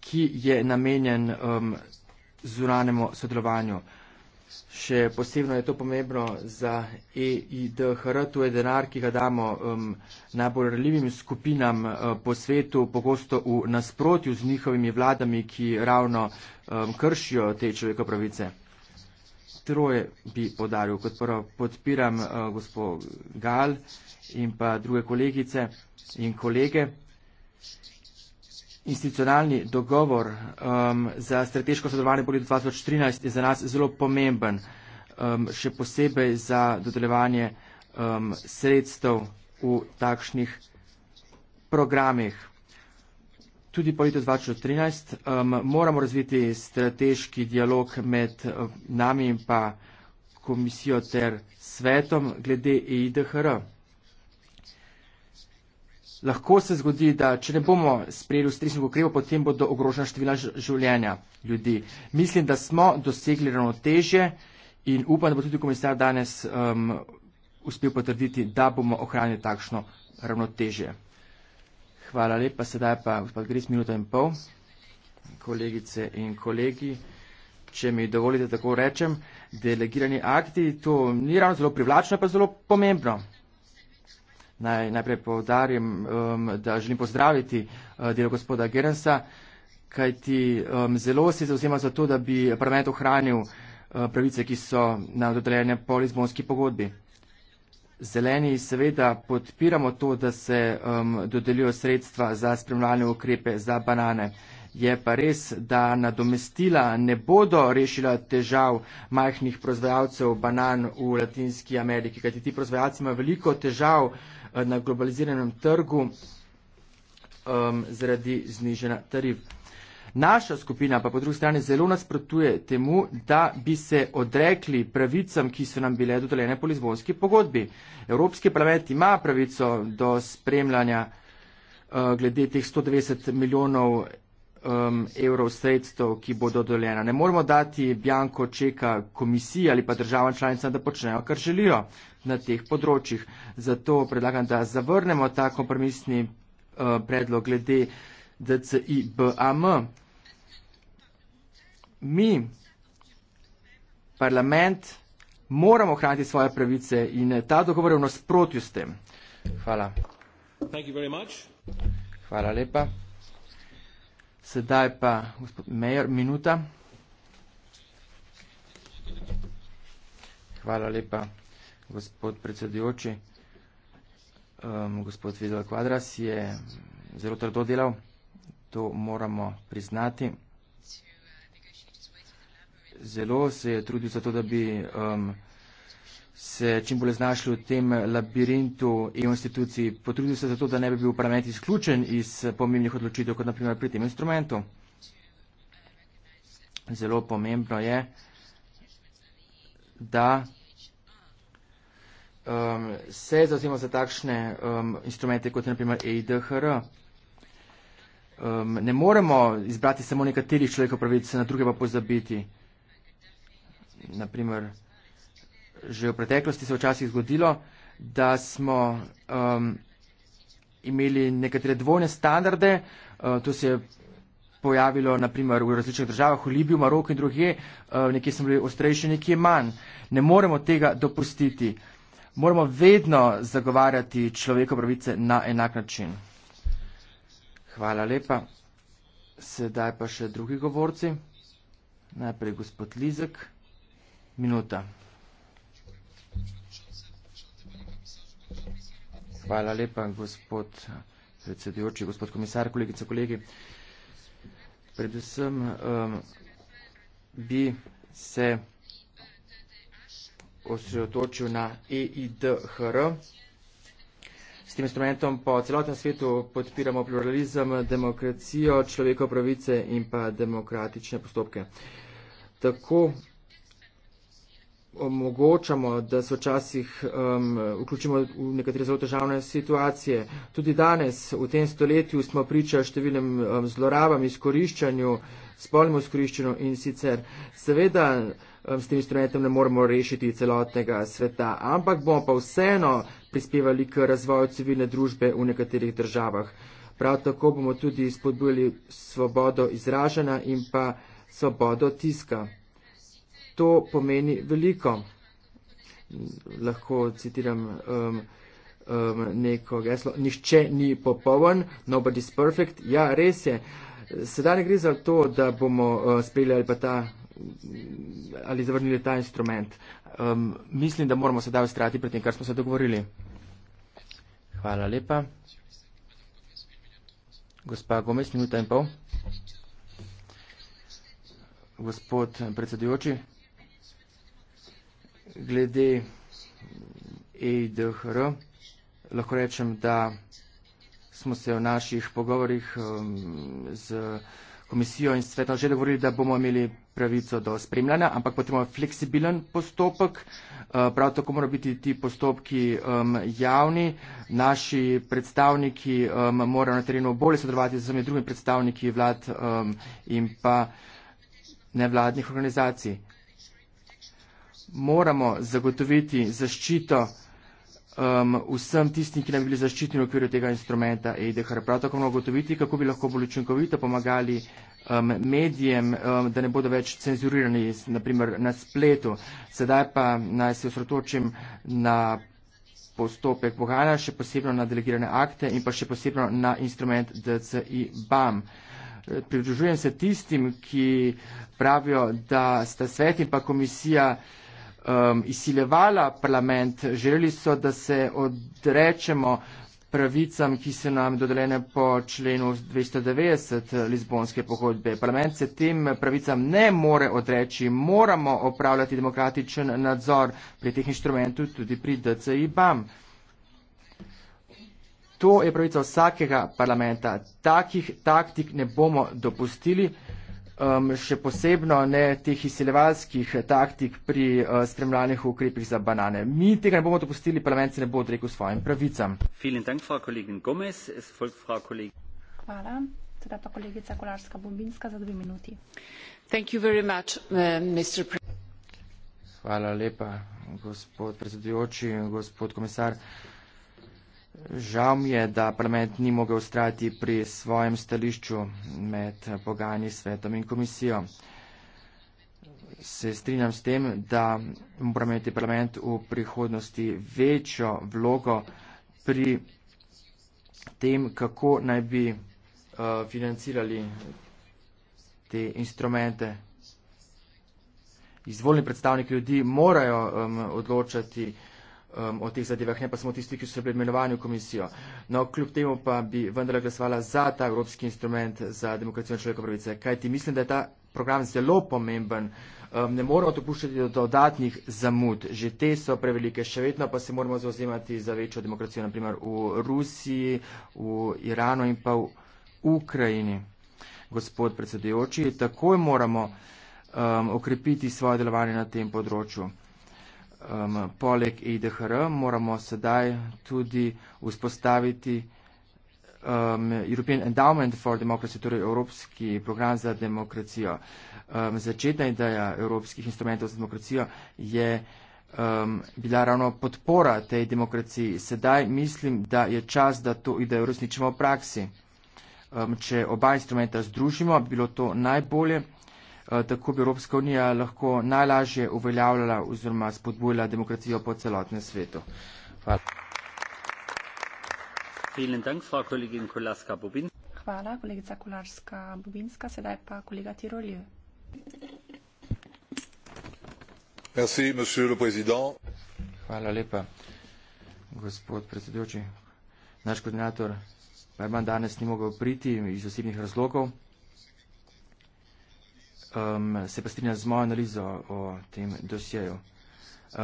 ki je namenjen um, zunanemu sodelovanju. Še posebno je to pomembno za EIDHR, to je denar, ki ga damo um, najbolj reljivim skupinam uh, po svetu, pogosto v nasprotju z njihovimi vladami, ki ravno um, kršijo te človekove pravice troje bi podaril. Kot prvo podpiram uh, eh, gospod Gal in pa druge kolegice in kolege. Institucionalni dogovor um, za strateško sodelovanje po letu 2013 je za nas zelo pomemben, um, še posebej za dodeljevanje um, sredstev v takšnih programih tudi po letu 2013 um, moramo razviti strateški dialog med eh, nami in pa komisijo ter svetom glede EIDHR. Lahko se zgodi, da če ne bomo sprejeli ustreznih ukrepov, potem bodo ogrožena števila življenja ljudi. Mislim, da smo dosegli ravnotežje in upam, da bo tudi komisar danes um, uspel potrditi, da bomo ohranili takšno ravnotežje. Hvala lepa. Sedaj pa gospod Gris, minuto in pol. Kolegice in kolegi, če mi dovolite tako rečem, delegirani akti, to ni ravno zelo privlačno, pa zelo pomembno. Naj, najprej povdarjam, um, da želim pozdraviti uh, delo gospoda Gerensa, kajti um, zelo se zauzema za to, da bi parlament ohranil uh, pravice, ki so na dodeljene po Lizbonski pogodbi. Zeleni seveda podpiramo to, da se um, dodelijo sredstva za spremljanje ukrepe za banane. Je pa res, da nadomestila ne bodo rešila težav majhnih proizvajalcev banan v Latinski Ameriki, kajti ti proizvajalci imajo veliko težav eh, na globaliziranem trgu um, zaradi znižena tarifa. Naša skupina pa po drugi strani zelo nasprotuje temu, da bi se odrekli pravicam, ki so nam bile dodeljene po Lizbonski pogodbi. Evropski parlament ima pravico do spremljanja eh, glede teh 190 milijonov evrov sredstev, ki bodo dodeljena. Ne moramo dati bjanko čeka komisiji ali pa državam članicam, da počnejo, kar želijo na teh področjih. Zato predlagam, da zavrnemo ta kompromisni eh, predlog glede DCIBAM mi, parlament, moramo ohraniti svoje pravice in eh, ta dogovor je v nasprotju s tem. Hvala. Hvala lepa. Sedaj pa, gospod Mejer, minuta. Hvala lepa, gospod predsedujoči. Um, gospod Vidal Kvadras je zelo trdo delal, to moramo priznati zelo se je trudil za to, da bi um, se čim bolje znašli v tem labirintu in e instituciji. Potrudil se za to, da ne bi bil parlament izključen iz pomembnih odločitev, kot naprimer pri tem instrumentu. Zelo pomembno je, da um, se zauzemamo za takšne um, instrumente, kot je naprimer EIDHR. Um, ne moremo izbrati samo nekaterih človekov pravic, na druge pa pozabiti naprimer, že v preteklosti se včasih zgodilo, da smo um, imeli nekatere dvojne standarde, uh, to se je pojavilo naprimer v različnih državah, v Libiji, v Maroku in druge, uh, nekje smo bili ostrejši, nekje manj. Ne moremo tega dopustiti. Moramo vedno zagovarjati človekove pravice na enak način. Hvala lepa. Sedaj pa še drugi govorci. Najprej gospod Lizek minuta. Hvala lepa, gospod predsedujoči, gospod komisar, kolegice, kolegi. Predvsem um, bi se osredotočil na EIDHR. S tem instrumentom po celotnem svetu podpiramo pluralizem, demokracijo, človekov pravice in pa demokratične postopke. Tako omogočamo, da se včasih um, vključimo v nekatere zelo težavne situacije. Tudi danes, v tem stoletju, smo priča številnim um, zlorabam, izkoriščanju, spolnemu izkoriščanju in sicer seveda um, s tem instrumentom ne moremo rešiti celotnega sveta, ampak bomo pa vseeno prispevali k razvoju civilne družbe v nekaterih državah. Prav tako bomo tudi spodbujali svobodo izražanja in pa svobodo tiska to pomeni veliko. Lahko citiram um, um, neko geslo. Nihče ni popoln, nobody is perfect. Ja, res je. Sedaj ne gre za to, da bomo uh, sprejeli ali pa ta ali zavrnili ta instrument. Um, mislim, da moramo sedaj ustrati pred tem, kar smo se dogovorili. Hvala lepa. Gospa Gomez, minuta in pol. Gospod predsedujoči glede EIDHR, lahko rečem, da smo se v naših pogovorih um, z komisijo in svetom že dogovorili, da bomo imeli pravico do spremljanja, ampak potrebujemo fleksibilen postopek. Uh, prav tako morajo biti ti postopki um, javni. Naši predstavniki um, morajo na terenu bolje sodelovati z vsemi drugimi predstavniki vlad in pa nevladnih organizacij moramo zagotoviti zaščito um, vsem tistim, ki nam bili zaščitni v okviru tega instrumenta EIDHR. Prav tako moramo zagotoviti, kako bi lahko bolj učinkovito pomagali um, medijem, um, da ne bodo več cenzurirani, naprimer na spletu. Sedaj pa naj se osredotočim na postopek pogajanja, še posebno na delegirane akte in pa še posebno na instrument DCI-BAM. Pridružujem se tistim, ki pravijo, da sta svet in pa komisija um, izsilevala parlament, želeli so, da se odrečemo pravicam, ki so nam dodeljene po členu 290 Lizbonske pogodbe. Parlament se tem pravicam ne more odreči, moramo opravljati demokratičen nadzor pri teh inštrumentu, tudi pri DCI-BAM. To je pravica vsakega parlamenta. Takih taktik ne bomo dopustili um, še posebno ne teh izsilevalskih eh, taktik pri uh, eh, spremljanjih v ukrepih za banane. Mi tega ne bomo dopustili, parlament se ne bo odrekel svojim pravicam. Hvala. Sedaj pa kolegica Kolarska Bombinska za dve minuti. Much, eh, Hvala lepa, gospod predsedujoči, gospod komisar. Žal mi je, da parlament ni mogel ustrajati pri svojem stališču med pogajanji svetom in komisijo. Se strinjam s tem, da mora imeti parlament v prihodnosti večjo vlogo pri tem, kako naj bi uh, financirali te instrumente. Izvoljni predstavniki ljudi morajo um, odločati, uh, um, o teh zadevah, ne pa samo tisti, ki so bili imenovani v komisijo. No, kljub temu pa bi vendarle glasovala za ta evropski instrument za demokracijo in človekove pravice, kajti mislim, da je ta program zelo pomemben. Um, ne moramo dopuščati do dodatnih zamud, že te so prevelike, še vedno pa se moramo zauzemati za večjo demokracijo, naprimer v Rusiji, v Iranu in pa v Ukrajini. Gospod predsedujoči, takoj moramo um, okrepiti svoje delovanje na tem področju um, poleg IDHR e moramo sedaj tudi vzpostaviti um, European Endowment for Democracy, torej Evropski program za demokracijo. Um, začetna ideja evropskih instrumentov za demokracijo je um, bila ravno podpora tej demokraciji. Sedaj mislim, da je čas, da to idejo uresničimo v praksi. Um, če oba instrumenta združimo, bi bilo to najbolje. Eh, tako bi Evropska unija lahko najlažje uveljavljala oziroma spodbujala demokracijo po celotnem svetu. Hvala. Hvala, kolegica Kolarska-Bobinska. Sedaj pa kolega Tirolje. Hvala lepa, gospod predsedujoči. Naš koordinator pa je vam danes ni mogel priti iz osebnih razlogov um, se pa strinja z mojo analizo o tem dosjeju. Uh,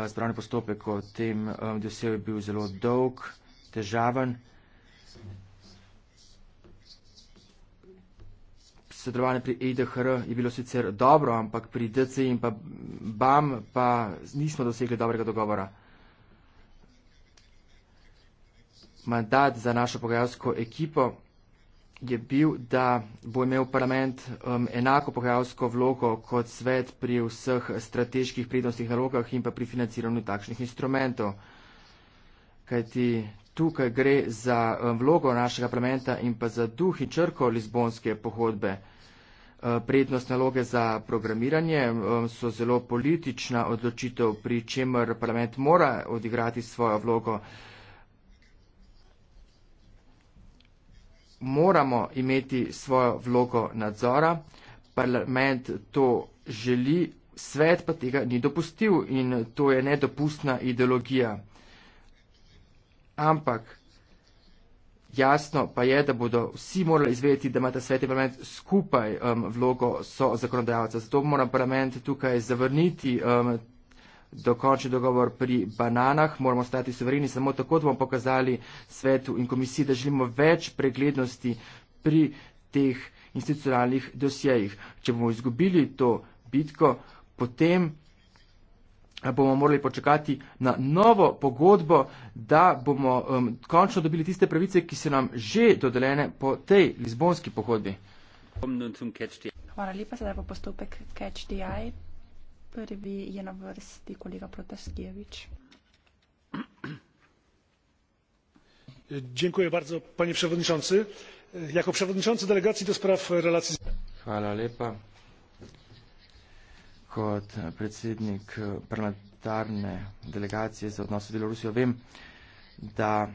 eh, Spravni postopek o tem um, dosjeju je bil zelo dolg, težaven. Sodelovanje pri EDHR je bilo sicer dobro, ampak pri DC in pa BAM pa nismo dosegli dobrega dogovora. Mandat za našo pogajalsko ekipo je bil, da bo imel parlament um, enako pogajalsko vlogo kot svet pri vseh strateških prednostih nalogah in pa pri financiranju takšnih instrumentov. Kajti tukaj gre za um, vlogo našega parlamenta in pa za duh in črko Lizbonske pohodbe. Uh, prednost naloge za programiranje um, so zelo politična odločitev, pri čemer parlament mora odigrati svojo vlogo. moramo imeti svojo vlogo nadzora, parlament to želi, svet pa tega ni dopustil in to je nedopustna ideologija. Ampak jasno pa je, da bodo vsi morali izvedeti, da imata svet in parlament skupaj um, vlogo so zakonodajalca. Zato mora parlament tukaj zavrniti um, dokončen dogovor pri bananah. Moramo stati suvereni samo tako, da bomo pokazali svetu in komisiji, da želimo več preglednosti pri teh institucionalnih dosjejih. Če bomo izgubili to bitko, potem bomo morali počakati na novo pogodbo, da bomo um, končno dobili tiste pravice, ki so nam že dodeljene po tej lizbonski pogodbi. Hvala lepa, sedaj pa postopek catch the eye. Prvi je na vrsti kolega Protaskijevič. Dziękuję bardzo, panie przewodniczący. Jako przewodniczący delegacji do spraw relacji. Hvala lepa. Kot predsednik eh, parlamentarne delegacije za odnose z Belorusijo vem, da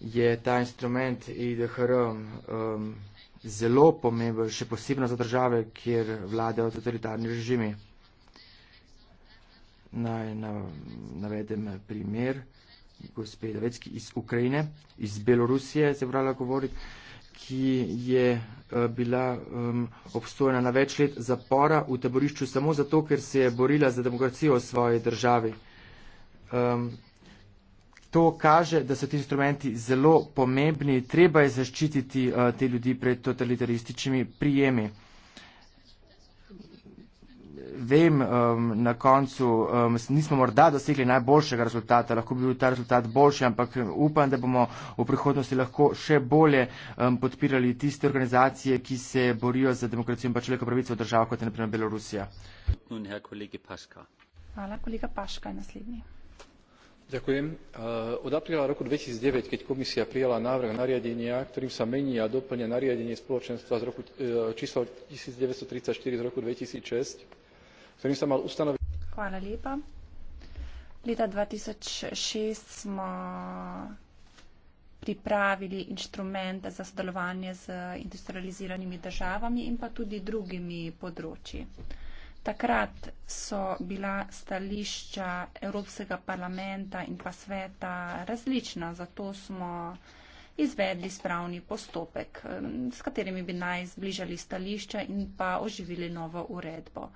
je ta instrument IDHR um, zelo pomemben, še posebno za države, kjer vladajo totalitarni režimi. Naj navedem primer gospe Davecki iz Ukrajine, iz Belorusije se morala govoriti, ki je eh, bila um, obstojena na več let zapora v taborišču samo zato, ker se je borila za demokracijo v svoji državi. Um, to kaže, da so ti instrumenti zelo pomembni, treba je zaščititi uh, te ljudi pred totalitarističnimi prijemi. Vem, um, na koncu um, nismo morda dosegli najboljšega rezultata, lahko bi bil ta rezultat boljši, ampak upam, da bomo v prihodnosti lahko še bolje um, podpirali tiste organizacije, ki se borijo za demokracijo in pa človeka pravice v državah, kot je naprimer Belorusija. Hvala, kolega Paška. Hvala, kolega Paška, naslednji od apríla roku two thousand and nine keď komisia prijala návrh nariadenia ktorým sa mení a dopĺňa nariadenie spoločenstva číslo one thousand nine hundred and thirty four z roku two thousand and six ktorým sa mal ustanoviť Hvala lepa. Leta 2006 smo pripravili inštrument za sodelovanje z industrializiranimi državami in pa tudi drugimi področji. Takrat so bila stališča Evropskega parlamenta in pa sveta različna, zato smo izvedli spravni postopek, s katerimi bi naj zbližali stališča in pa oživili novo uredbo.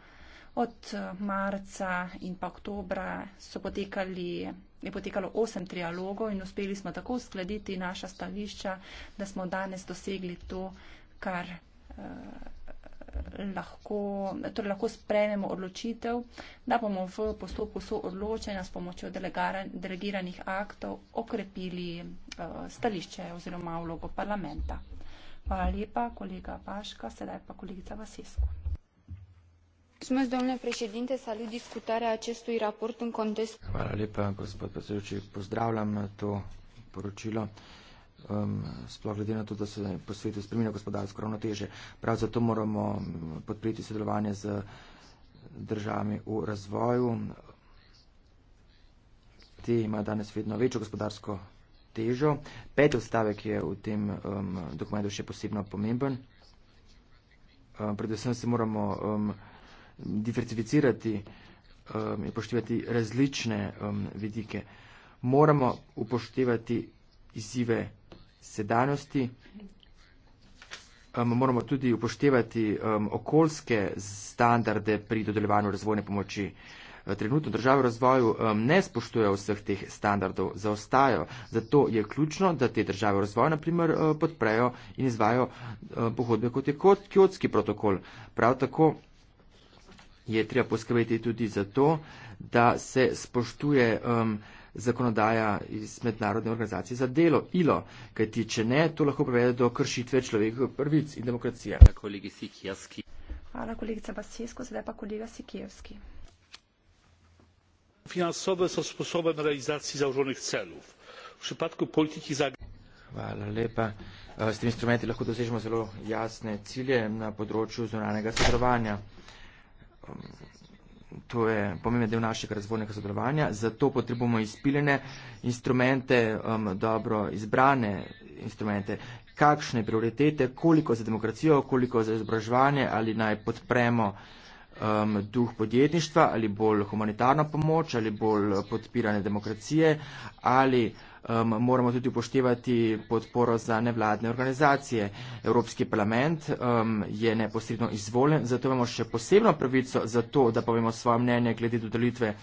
Od eh, marca in pa oktobra so potekali, je potekalo osem trialogov in uspeli smo tako uskladiti naša stališča, da smo danes dosegli to, kar eh, lahko, torej lahko sprejmemo odločitev, da bomo v postopku soodločanja s pomočjo delegiranih aktov okrepili eh, stališče oziroma vlogo parlamenta. Hvala lepa, kolega Paška, sedaj pa kolegica Vasesko. Mulțumesc, domnule președinte, salut discutarea acestui raport în contextul. Hvala lepa, gospod Pazuči, pozdravljam to poročilo. Uh, um, sploh glede na to, da se po svetu spremenja gospodarsko ravnoteže. Prav zato moramo podpreti sodelovanje z državami v razvoju. Te imajo danes vedno večjo gospodarsko težo. Peti odstavek je v tem um, dokumentu še posebno pomemben. Um, predvsem se moramo um, diversificirati um, in upoštevati različne um, vidike. Moramo upoštevati izzive sedanjosti. Um, moramo tudi upoštevati um, okoljske standarde pri dodeljevanju razvojne pomoči. Uh, trenutno države v razvoju um, ne spoštujejo vseh teh standardov, zaostajajo. Zato je ključno, da te države v razvoju, naprimer, uh, podprejo in izvajo um, pohodbe kot je kot kjotski protokol. Prav tako je treba poskrbeti tudi za to, da se spoštuje. Um, zakonodaja iz mednarodne organizacije za delo, ILO, kajti če ne, to lahko prevede do kršitve človekovih prvic in demokracije. Hvala, kolegica Basijsko, zdaj pa kolega Sikijevski. Finansove so sposobne realizacije zaužitih celov. V primeru politiki za. Hvala lepa. E, s temi instrumenti lahko dosežemo zelo jasne cilje na področju zunanjega sodelovanja to je pomemben del našega razvojnega sodelovanja. Zato potrebujemo izpiljene instrumente, um, dobro izbrane instrumente. Kakšne prioritete, koliko za demokracijo, koliko za izobraževanje, ali naj podpremo um, duh podjetništva, ali bolj humanitarno pomoč, ali bolj podpiranje demokracije, ali um, moramo tudi upoštevati podporo za nevladne organizacije. Evropski parlament um, je neposredno izvoljen, zato imamo še posebno pravico za to, da povemo svoje mnenje glede dodelitve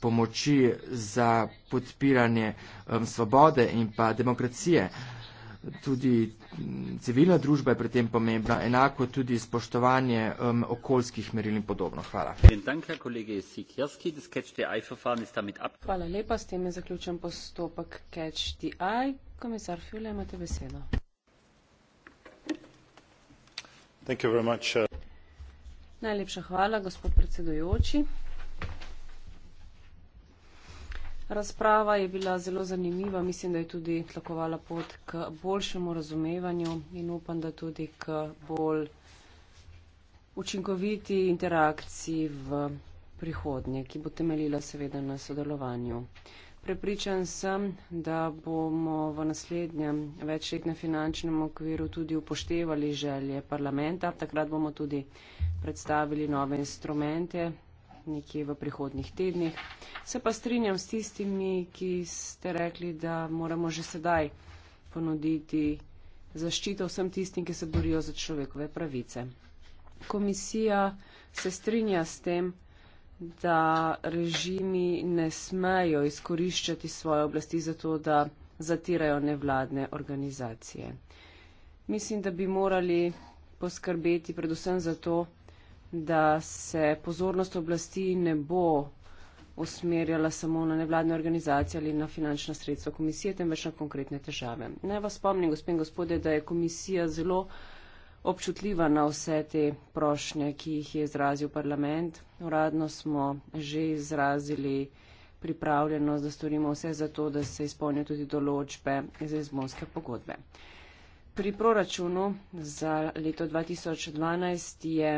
pomoči za podpiranje um, svobode in pa demokracije tudi civilna družba je pri tem pomembna, enako tudi spoštovanje um, okoljskih meril in podobno. Hvala. Hvala lepa, s tem je zaključen postopek Catch the Eye. Komisar Fjule, imate besedo. Much, uh... Najlepša hvala, gospod predsedujoči. Razprava je bila zelo zanimiva, mislim, da je tudi tlakovala pot k boljšemu razumevanju in upam, da tudi k bolj učinkoviti interakciji v prihodnje, ki bo temeljila seveda na sodelovanju. Prepričan sem, da bomo v naslednjem večletnem finančnem okviru tudi upoštevali želje parlamenta. Takrat bomo tudi predstavili nove instrumente nekje v prihodnih tednih. Se pa strinjam s tistimi, ki ste rekli, da moramo že sedaj ponuditi zaščito vsem tistim, ki se borijo za človekove pravice. Komisija se strinja s tem, da režimi ne smejo izkoriščati svoje oblasti za to, da zatirajo nevladne organizacije. Mislim, da bi morali poskrbeti predvsem za to, da se pozornost oblasti ne bo usmerjala samo na nevladne organizacije ali na finančna sredstva komisije, temveč na konkretne težave. Naj vas spomnim, gospod in gospode, da je komisija zelo občutljiva na vse te prošnje, ki jih je izrazil parlament. Uradno smo že izrazili pripravljenost, da storimo vse za to, da se izpolnijo tudi določbe iz izmonske pogodbe. Pri proračunu za leto 2012 je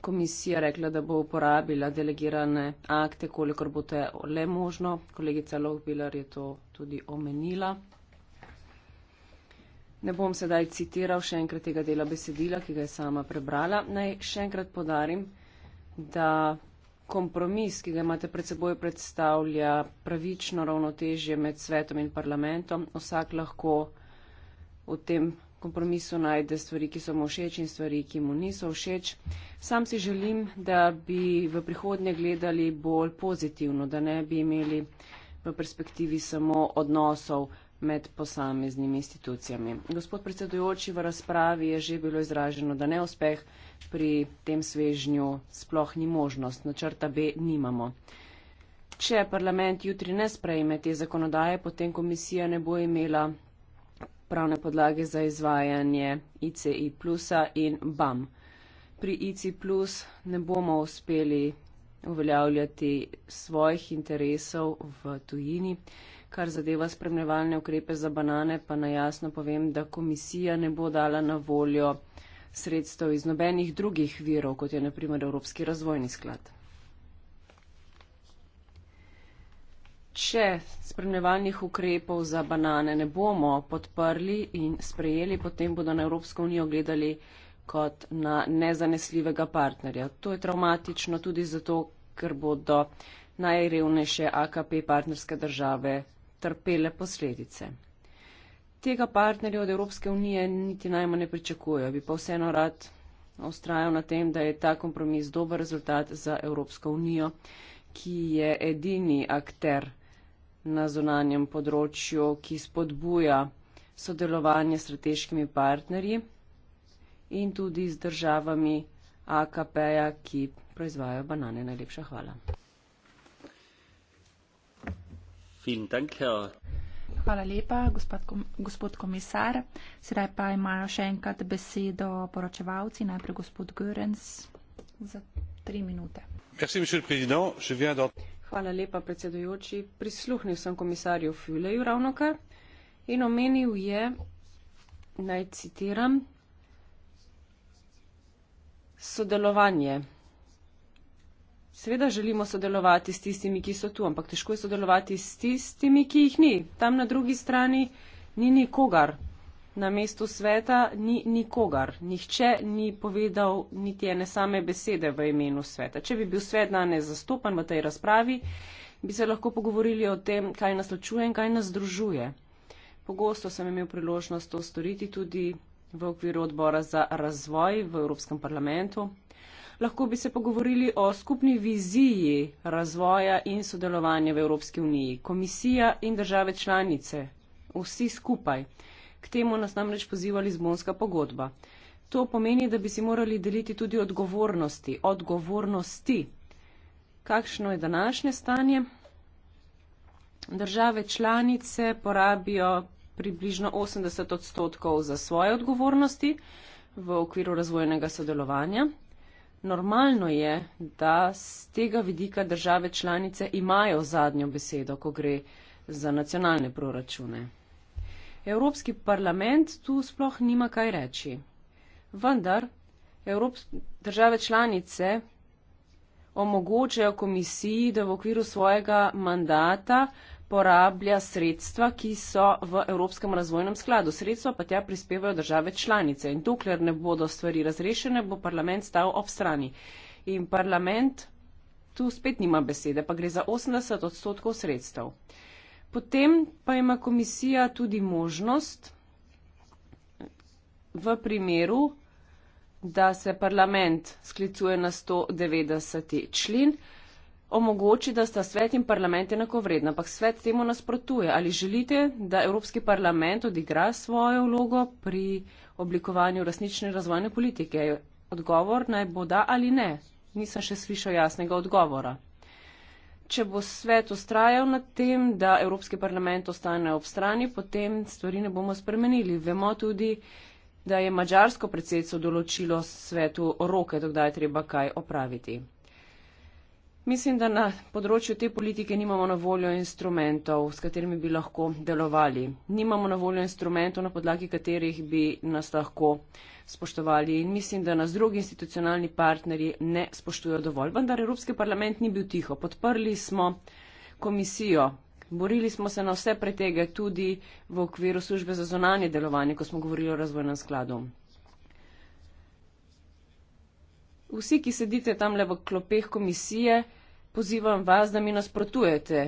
komisija rekla, da bo uporabila delegirane akte, kolikor bo to le možno. Kolegica Lohbilar je to tudi omenila. Ne bom sedaj citiral še enkrat tega dela besedila, ki ga je sama prebrala. Naj še enkrat podarim, da kompromis, ki ga imate pred seboj, predstavlja pravično ravnotežje med svetom in parlamentom. Vsak lahko v tem kompromisu najde stvari, ki so mu všeč in stvari, ki mu niso všeč. Sam si želim, da bi v prihodnje gledali bolj pozitivno, da ne bi imeli v perspektivi samo odnosov med posameznimi institucijami. Gospod predsedujoči, v razpravi je že bilo izraženo, da neuspeh pri tem svežnju sploh ni možnost. Načrta B nimamo. Če parlament jutri ne sprejme te zakonodaje, potem komisija ne bo imela pravne podlage za izvajanje ICI plusa in BAM. Pri ICI plus ne bomo uspeli uveljavljati svojih interesov v tujini. Kar zadeva spremljevalne ukrepe za banane, pa najjasno povem, da komisija ne bo dala na voljo sredstev iz nobenih drugih virov, kot je naprimer Evropski razvojni sklad. če spremljevalnih ukrepov za banane ne bomo podprli in sprejeli, potem bodo na Evropsko unijo gledali kot na nezanesljivega partnerja. To je traumatično tudi zato, ker bodo najrevnejše AKP partnerske države trpele posledice. Tega partnerja od Evropske unije niti najmanj ne pričakujejo. Bi pa vseeno rad ostrajal na tem, da je ta kompromis dober rezultat za Evropsko unijo, ki je edini akter na zunanjem področju, ki spodbuja sodelovanje s strateškimi partnerji in tudi z državami AKP-ja, ki proizvajajo banane. Najlepša hvala. Hvala lepa, gospod, kom, gospod komisar. Sedaj pa imajo še enkrat besedo poročevalci, najprej gospod Görens za tri minute. Hvala lepa, predsedujoči. Prisluhnil sem komisarju Füleju ravnokar in omenil je, naj citiram, sodelovanje. Seveda želimo sodelovati s tistimi, ki so tu, ampak težko je sodelovati s tistimi, ki jih ni. Tam na drugi strani ni nikogar na mestu sveta ni nikogar. Nihče ni povedal niti ene same besede v imenu sveta. Če bi bil svet danes zastopan v tej razpravi, bi se lahko pogovorili o tem, kaj nas ločuje in kaj nas združuje. Pogosto sem imel priložnost to storiti tudi v okviru odbora za razvoj v Evropskem parlamentu. Lahko bi se pogovorili o skupni viziji razvoja in sodelovanja v Evropski uniji. Komisija in države članice, vsi skupaj. K temu nas namreč poziva Lizbonska pogodba. To pomeni, da bi si morali deliti tudi odgovornosti. Odgovornosti. Kakšno je današnje stanje? Države članice porabijo približno 80 odstotkov za svoje odgovornosti v okviru razvojnega sodelovanja. Normalno je, da z tega vidika države članice imajo zadnjo besedo, ko gre za nacionalne proračune. Evropski parlament tu sploh nima kaj reči. Vendar Evrops države članice omogočajo komisiji, da v okviru svojega mandata porablja sredstva, ki so v Evropskem razvojnem skladu. Sredstva pa tja prispevajo države članice in dokler ne bodo stvari razrešene, bo parlament stal ob strani. In parlament tu spet nima besede, pa gre za 80 odstotkov sredstev. Potem pa ima komisija tudi možnost v primeru, da se parlament sklicuje na 190. člen, omogoči, da sta svet in parlament enakovredna. Ampak svet temu nasprotuje. Ali želite, da Evropski parlament odigra svojo vlogo pri oblikovanju resnične razvojne politike? Odgovor naj bo da ali ne. Nisem še slišal jasnega odgovora če bo svet ustrajal na tem, da Evropski parlament ostane ob strani, potem stvari ne bomo spremenili. Vemo tudi, da je mađarsko predsedstvo določilo svetu roke, dokdaj je treba kaj opraviti. Mislim, da na področju te politike nimamo na voljo instrumentov, s katerimi bi lahko delovali. Nimamo na voljo instrumentov, na podlagi katerih bi nas lahko spoštovali. In mislim, da nas drugi institucionalni partnerji ne spoštujejo dovolj. Vendar Evropski parlament ni bil tiho. Podprli smo komisijo. Borili smo se na vse pretege, tudi v okviru službe za zonanje delovanje, ko smo govorili o razvojnem skladu. Vsi, ki sedite tam le v klopeh komisije, pozivam vas, da mi nasprotujete,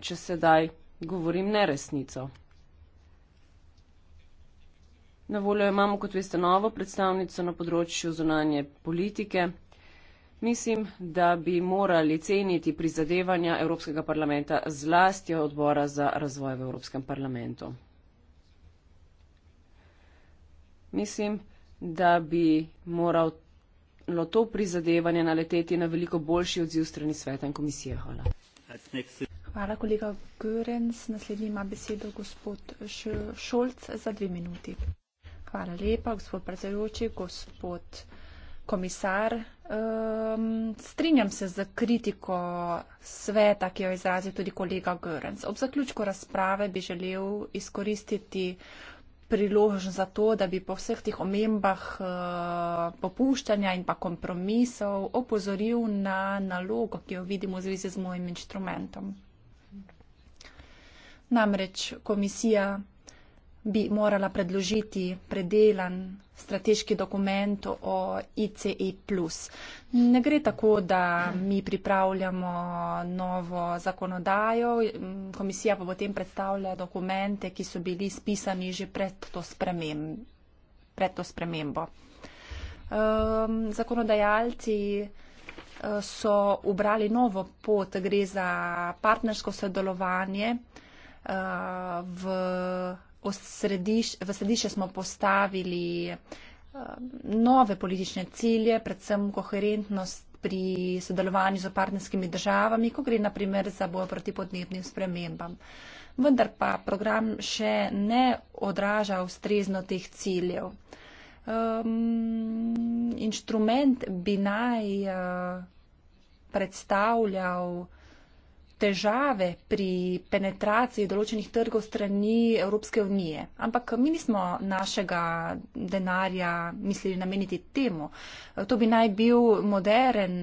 če sedaj govorim neresnico. Na voljo imamo, kot veste, novo predstavnico na področju zunanje politike. Mislim, da bi morali ceniti prizadevanja Evropskega parlamenta zlasti odbora za razvoj v Evropskem parlamentu. Mislim, da bi moral na to prizadevanje naleteti na veliko boljši odziv strani sveta in komisije. Hvala. Hvala, kolega Görens. Naslednji ima besedo gospod Šolc za dve minuti. Hvala lepa, gospod predsedujoči, gospod komisar. Um, strinjam se z kritiko sveta, ki jo je izrazil tudi kolega Görens. Ob zaključku razprave bi želel izkoristiti priložnost za to, da bi po vseh teh omembah eh, popuščanja in pa kompromisov opozoril na nalogo, ki jo vidim v zvezi z mojim inštrumentom. Namreč komisija bi morala predložiti predelan strateški dokument o ICE. Ne gre tako, da mi pripravljamo novo zakonodajo, komisija pa potem predstavlja dokumente, ki so bili spisani že pred to, sprem, pred to spremembo. Um, zakonodajalci e, so ubrali novo pot, gre za partnersko sodelovanje uh, v središ, v središče smo postavili eh, nove politične cilje, predvsem koherentnost pri sodelovanju z partnerskimi državami, ko gre naprimer za boj proti podnebnim spremembam. Vendar pa program še ne odraža ustrezno teh ciljev. Um, inštrument bi naj uh, predstavljal težave pri penetraciji določenih trgov strani Evropske unije. Ampak mi nismo našega denarja mislili nameniti temu. To bi naj bil modern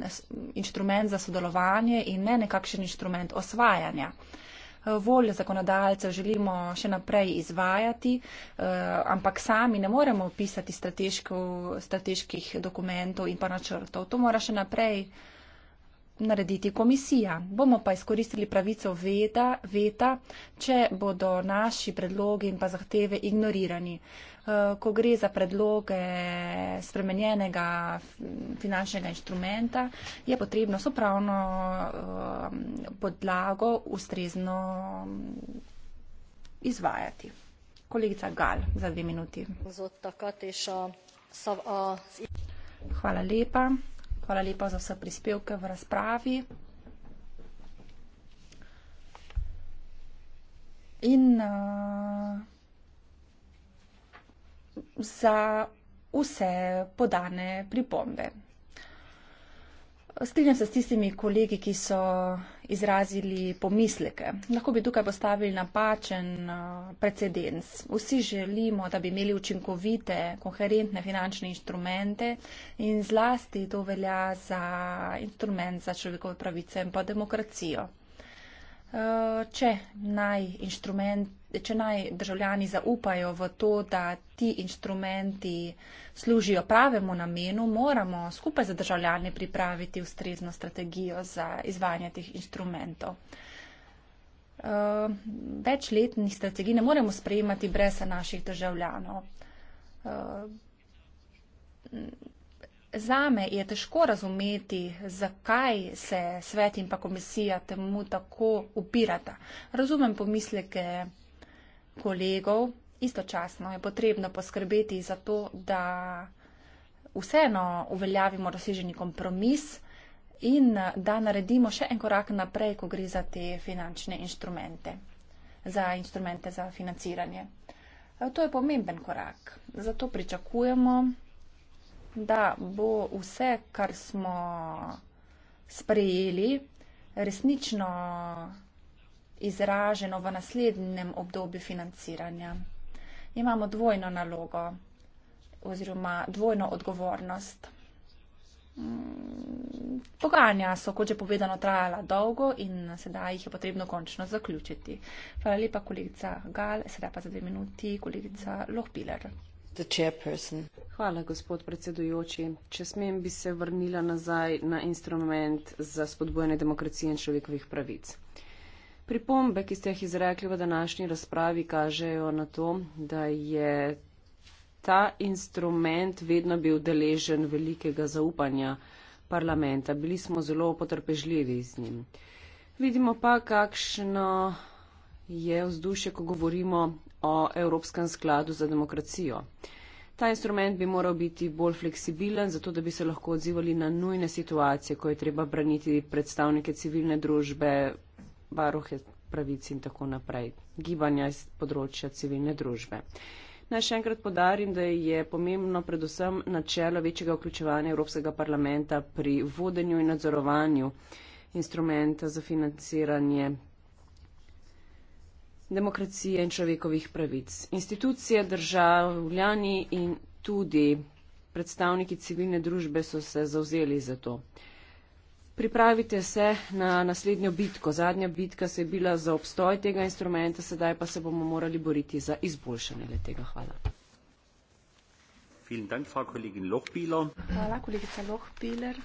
inštrument za sodelovanje in ne nekakšen inštrument osvajanja. Voljo zakonodajalcev želimo še naprej izvajati, eh, ampak sami ne moremo pisati strateških dokumentov in pa načrtov. To mora še naprej narediti komisija. Bomo pa izkoristili pravico veda, veta, če bodo naši predlogi in pa zahteve ignorirani. Eh, ko gre za predloge spremenjenega finančnega inštrumenta, je potrebno sopravno eh, podlago ustrezno mm, izvajati. Kolegica Gal za dve minuti. Eh, Hvala lepa. Hvala lepa za vse prispevke v razpravi. In uh, za vse podane pripombe. Strinjam se s tistimi kolegi, ki so izrazili pomisleke. Lahko bi tukaj postavili napačen precedens. Vsi želimo, da bi imeli učinkovite, koherentne finančne inštrumente in zlasti to velja za instrument za človekove pravice in pa demokracijo. Eh, če naj, če naj državljani zaupajo v to, da ti inštrumenti služijo pravemu namenu, moramo skupaj za državljane pripraviti ustrezno strategijo za izvajanje teh inštrumentov. Eh, večletnih strategij ne moremo sprejemati brez naših državljanov. Eh, zame je težko razumeti, zakaj se svet in pa komisija temu tako upirata. Razumem pomisleke kolegov, istočasno je potrebno poskrbeti za to, da vseeno uveljavimo razseženi kompromis in da naredimo še en korak naprej, ko gre za te finančne inštrumente, za inštrumente za financiranje. To je pomemben korak. Zato pričakujemo, da bo vse, kar smo sprejeli, resnično izraženo v naslednjem obdobju financiranja. Imamo dvojno nalogo oziroma dvojno odgovornost. Mm, pogajanja so, kot že povedano, trajala dolgo in sedaj jih je potrebno končno zaključiti. Hvala lepa, kolegica Gal, sedaj pa za dve minuti, kolegica Lohpiler. Hvala, gospod predsedujoči. Če smem, bi se vrnila nazaj na instrument za spodbojanje demokracije in človekovih pravic. Pripombe, ki ste jih izrekli v današnji razpravi, kažejo na to, da je ta instrument vedno bil deležen velikega zaupanja parlamenta. Bili smo zelo potrpežljivi z njim. Vidimo pa, kakšno je vzdušje, ko govorimo o Evropskem skladu za demokracijo. Ta instrument bi moral biti bolj fleksibilen, zato da bi se lahko odzivali na nujne situacije, ko je treba braniti predstavnike civilne družbe, varuhe pravic in tako naprej, gibanja iz področja civilne družbe. Naj še enkrat podarim, da je pomembno predvsem načelo večjega vključevanja Evropskega parlamenta pri vodenju in nadzorovanju instrumenta za financiranje demokracije in človekovih pravic. Institucije, državljani in tudi predstavniki civilne družbe so se zauzeli za to. Pripravite se na naslednjo bitko. Zadnja bitka se je bila za obstoj tega instrumenta, sedaj pa se bomo morali boriti za izboljšanje le tega. Hvala. Dank, Frau Kollegin Lochbieler. Hvala, kolegica Lohbieler.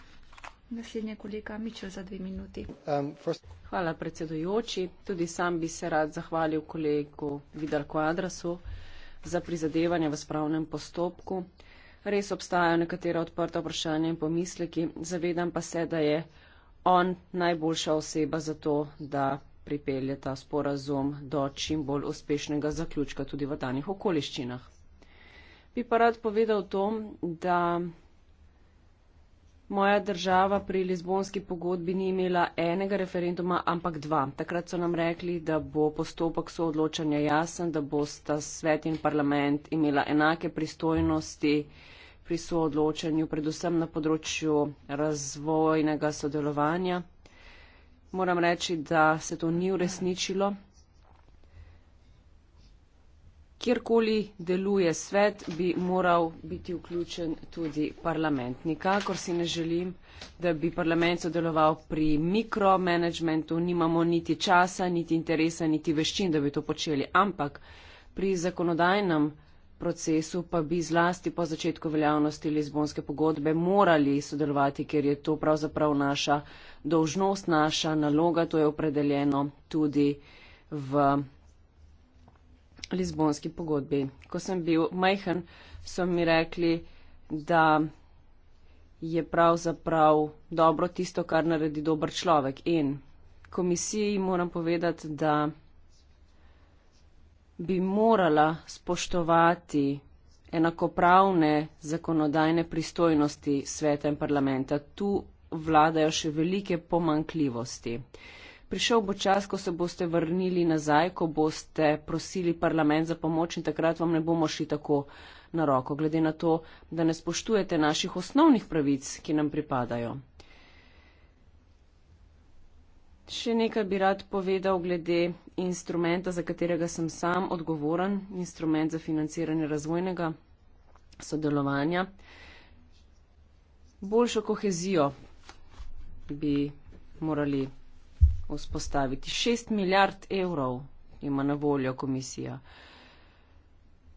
Naslednja kolega Mičel za dve minuti. Um, first... Hvala predsedujoči. Tudi sam bi se rad zahvalil kolegu Vidal Quadrasu za prizadevanje v spravnem postopku. Res obstajajo nekatera odprta vprašanja in pomisleki, zavedam pa se, da je on najboljša oseba za to, da pripelje ta sporazum do čim bolj uspešnega zaključka tudi v danih okoliščinah. Bi pa rad povedal to, da Moja država pri Lizbonski pogodbi ni imela enega referenduma, ampak dva. Takrat so nam rekli, da bo postopek soodločanja jasen, da bosta svet in parlament imela enake pristojnosti pri soodločanju, predvsem na področju razvojnega sodelovanja. Moram reči, da se to ni uresničilo kjerkoli deluje svet, bi moral biti vključen tudi parlament. Nikakor si ne želim, da bi parlament sodeloval pri mikromanagementu, nimamo niti časa, niti interesa, niti veščin, da bi to počeli. Ampak pri zakonodajnem procesu pa bi zlasti po začetku veljavnosti Lizbonske pogodbe morali sodelovati, ker je to pravzaprav naša dolžnost, naša naloga, to je opredeljeno tudi v Lizbonski pogodbi. Ko sem bil majhen, so mi rekli, da je pravzaprav dobro tisto, kar naredi dober človek. In komisiji moram povedati, da bi morala spoštovati enakopravne zakonodajne pristojnosti sveta in parlamenta. Tu vladajo še velike pomankljivosti. Uh, prišel bo čas, ko se boste vrnili nazaj, ko boste prosili parlament za pomoč in takrat vam ne bomo šli tako na roko, glede na to, da ne spoštujete naših osnovnih pravic, ki nam pripadajo. Še nekaj bi rad povedal glede instrumenta, za katerega sem sam odgovoren, instrument za financiranje razvojnega sodelovanja. Boljšo kohezijo bi morali vzpostaviti. Šest milijard evrov ima na voljo komisija.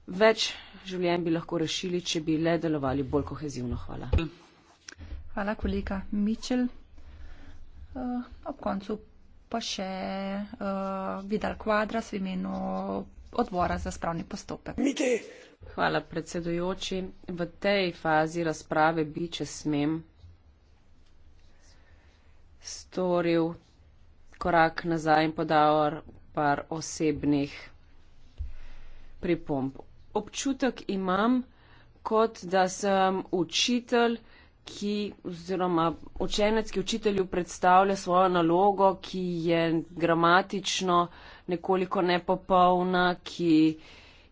Več življenj bi lahko rešili, če bi le delovali bolj kohezivno. Hvala. Hvala, kolega Mičel. Uh, ob koncu pa še uh, Vidal Kvadras v imenu odbora za spravni postopek. Mite. Hvala, predsedujoči. V tej fazi razprave bi, če smem, storil korak nazaj in podal par osebnih pripomb. Občutek imam, kot da sem učitelj, ki oziroma učenec, ki učitelju predstavlja svojo nalogo, ki je gramatično nekoliko nepopolna, ki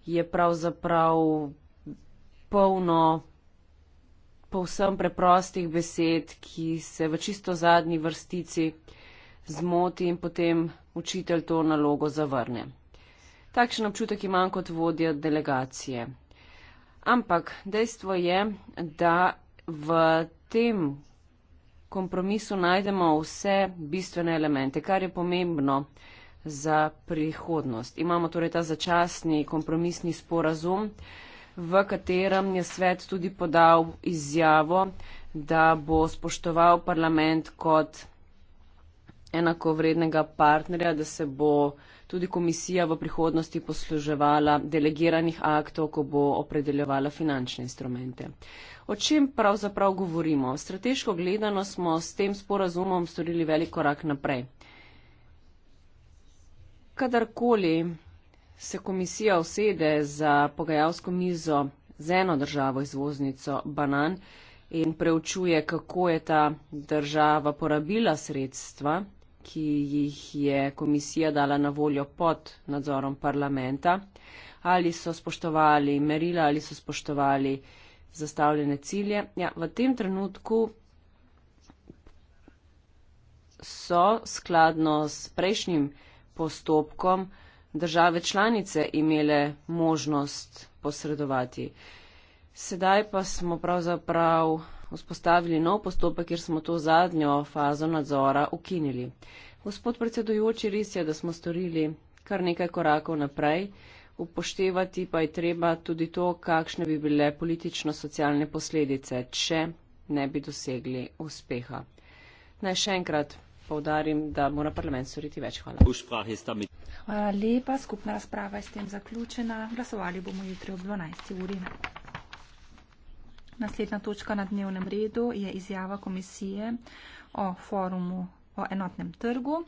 je pravzaprav polno povsem preprostih besed, ki se v čisto zadnji vrstici zmoti in potem učitelj to nalogo zavrne. Takšen občutek imam kot vodja delegacije. Ampak dejstvo je, da v tem kompromisu najdemo vse bistvene elemente, kar je pomembno za prihodnost. Imamo torej ta začasni kompromisni sporazum, v katerem je svet tudi podal izjavo, da bo spoštoval parlament kot enakovrednega partnerja, da se bo tudi komisija v prihodnosti posluževala delegiranih aktov, ko bo opredeljevala finančne instrumente. O čem pravzaprav govorimo? Strateško gledano smo s tem sporazumom storili velik korak naprej. Kadarkoli se komisija usede za pogajalsko mizo z eno državo izvoznico banan in preučuje, kako je ta država porabila sredstva, ki jih je komisija dala na voljo pod nadzorom parlamenta, ali so spoštovali merila, ali so spoštovali zastavljene cilje. Ja, v tem trenutku so skladno s prejšnjim postopkom države članice imele možnost posredovati. Sedaj pa smo pravzaprav vzpostavili nov postopek, kjer smo to zadnjo fazo nadzora ukinili. Gospod predsedujoči, res je, da smo storili kar nekaj korakov naprej, upoštevati pa je treba tudi to, kakšne bi bile politično-socialne posledice, če ne bi dosegli uspeha. Naj še enkrat povdarim, da mora parlament storiti več. Hvala. Hvala lepa, skupna razprava je s tem zaključena. Glasovali bomo jutri ob 12. uri. Naslednja točka na dnevnem redu je izjava komisije o forumu o enotnem trgu.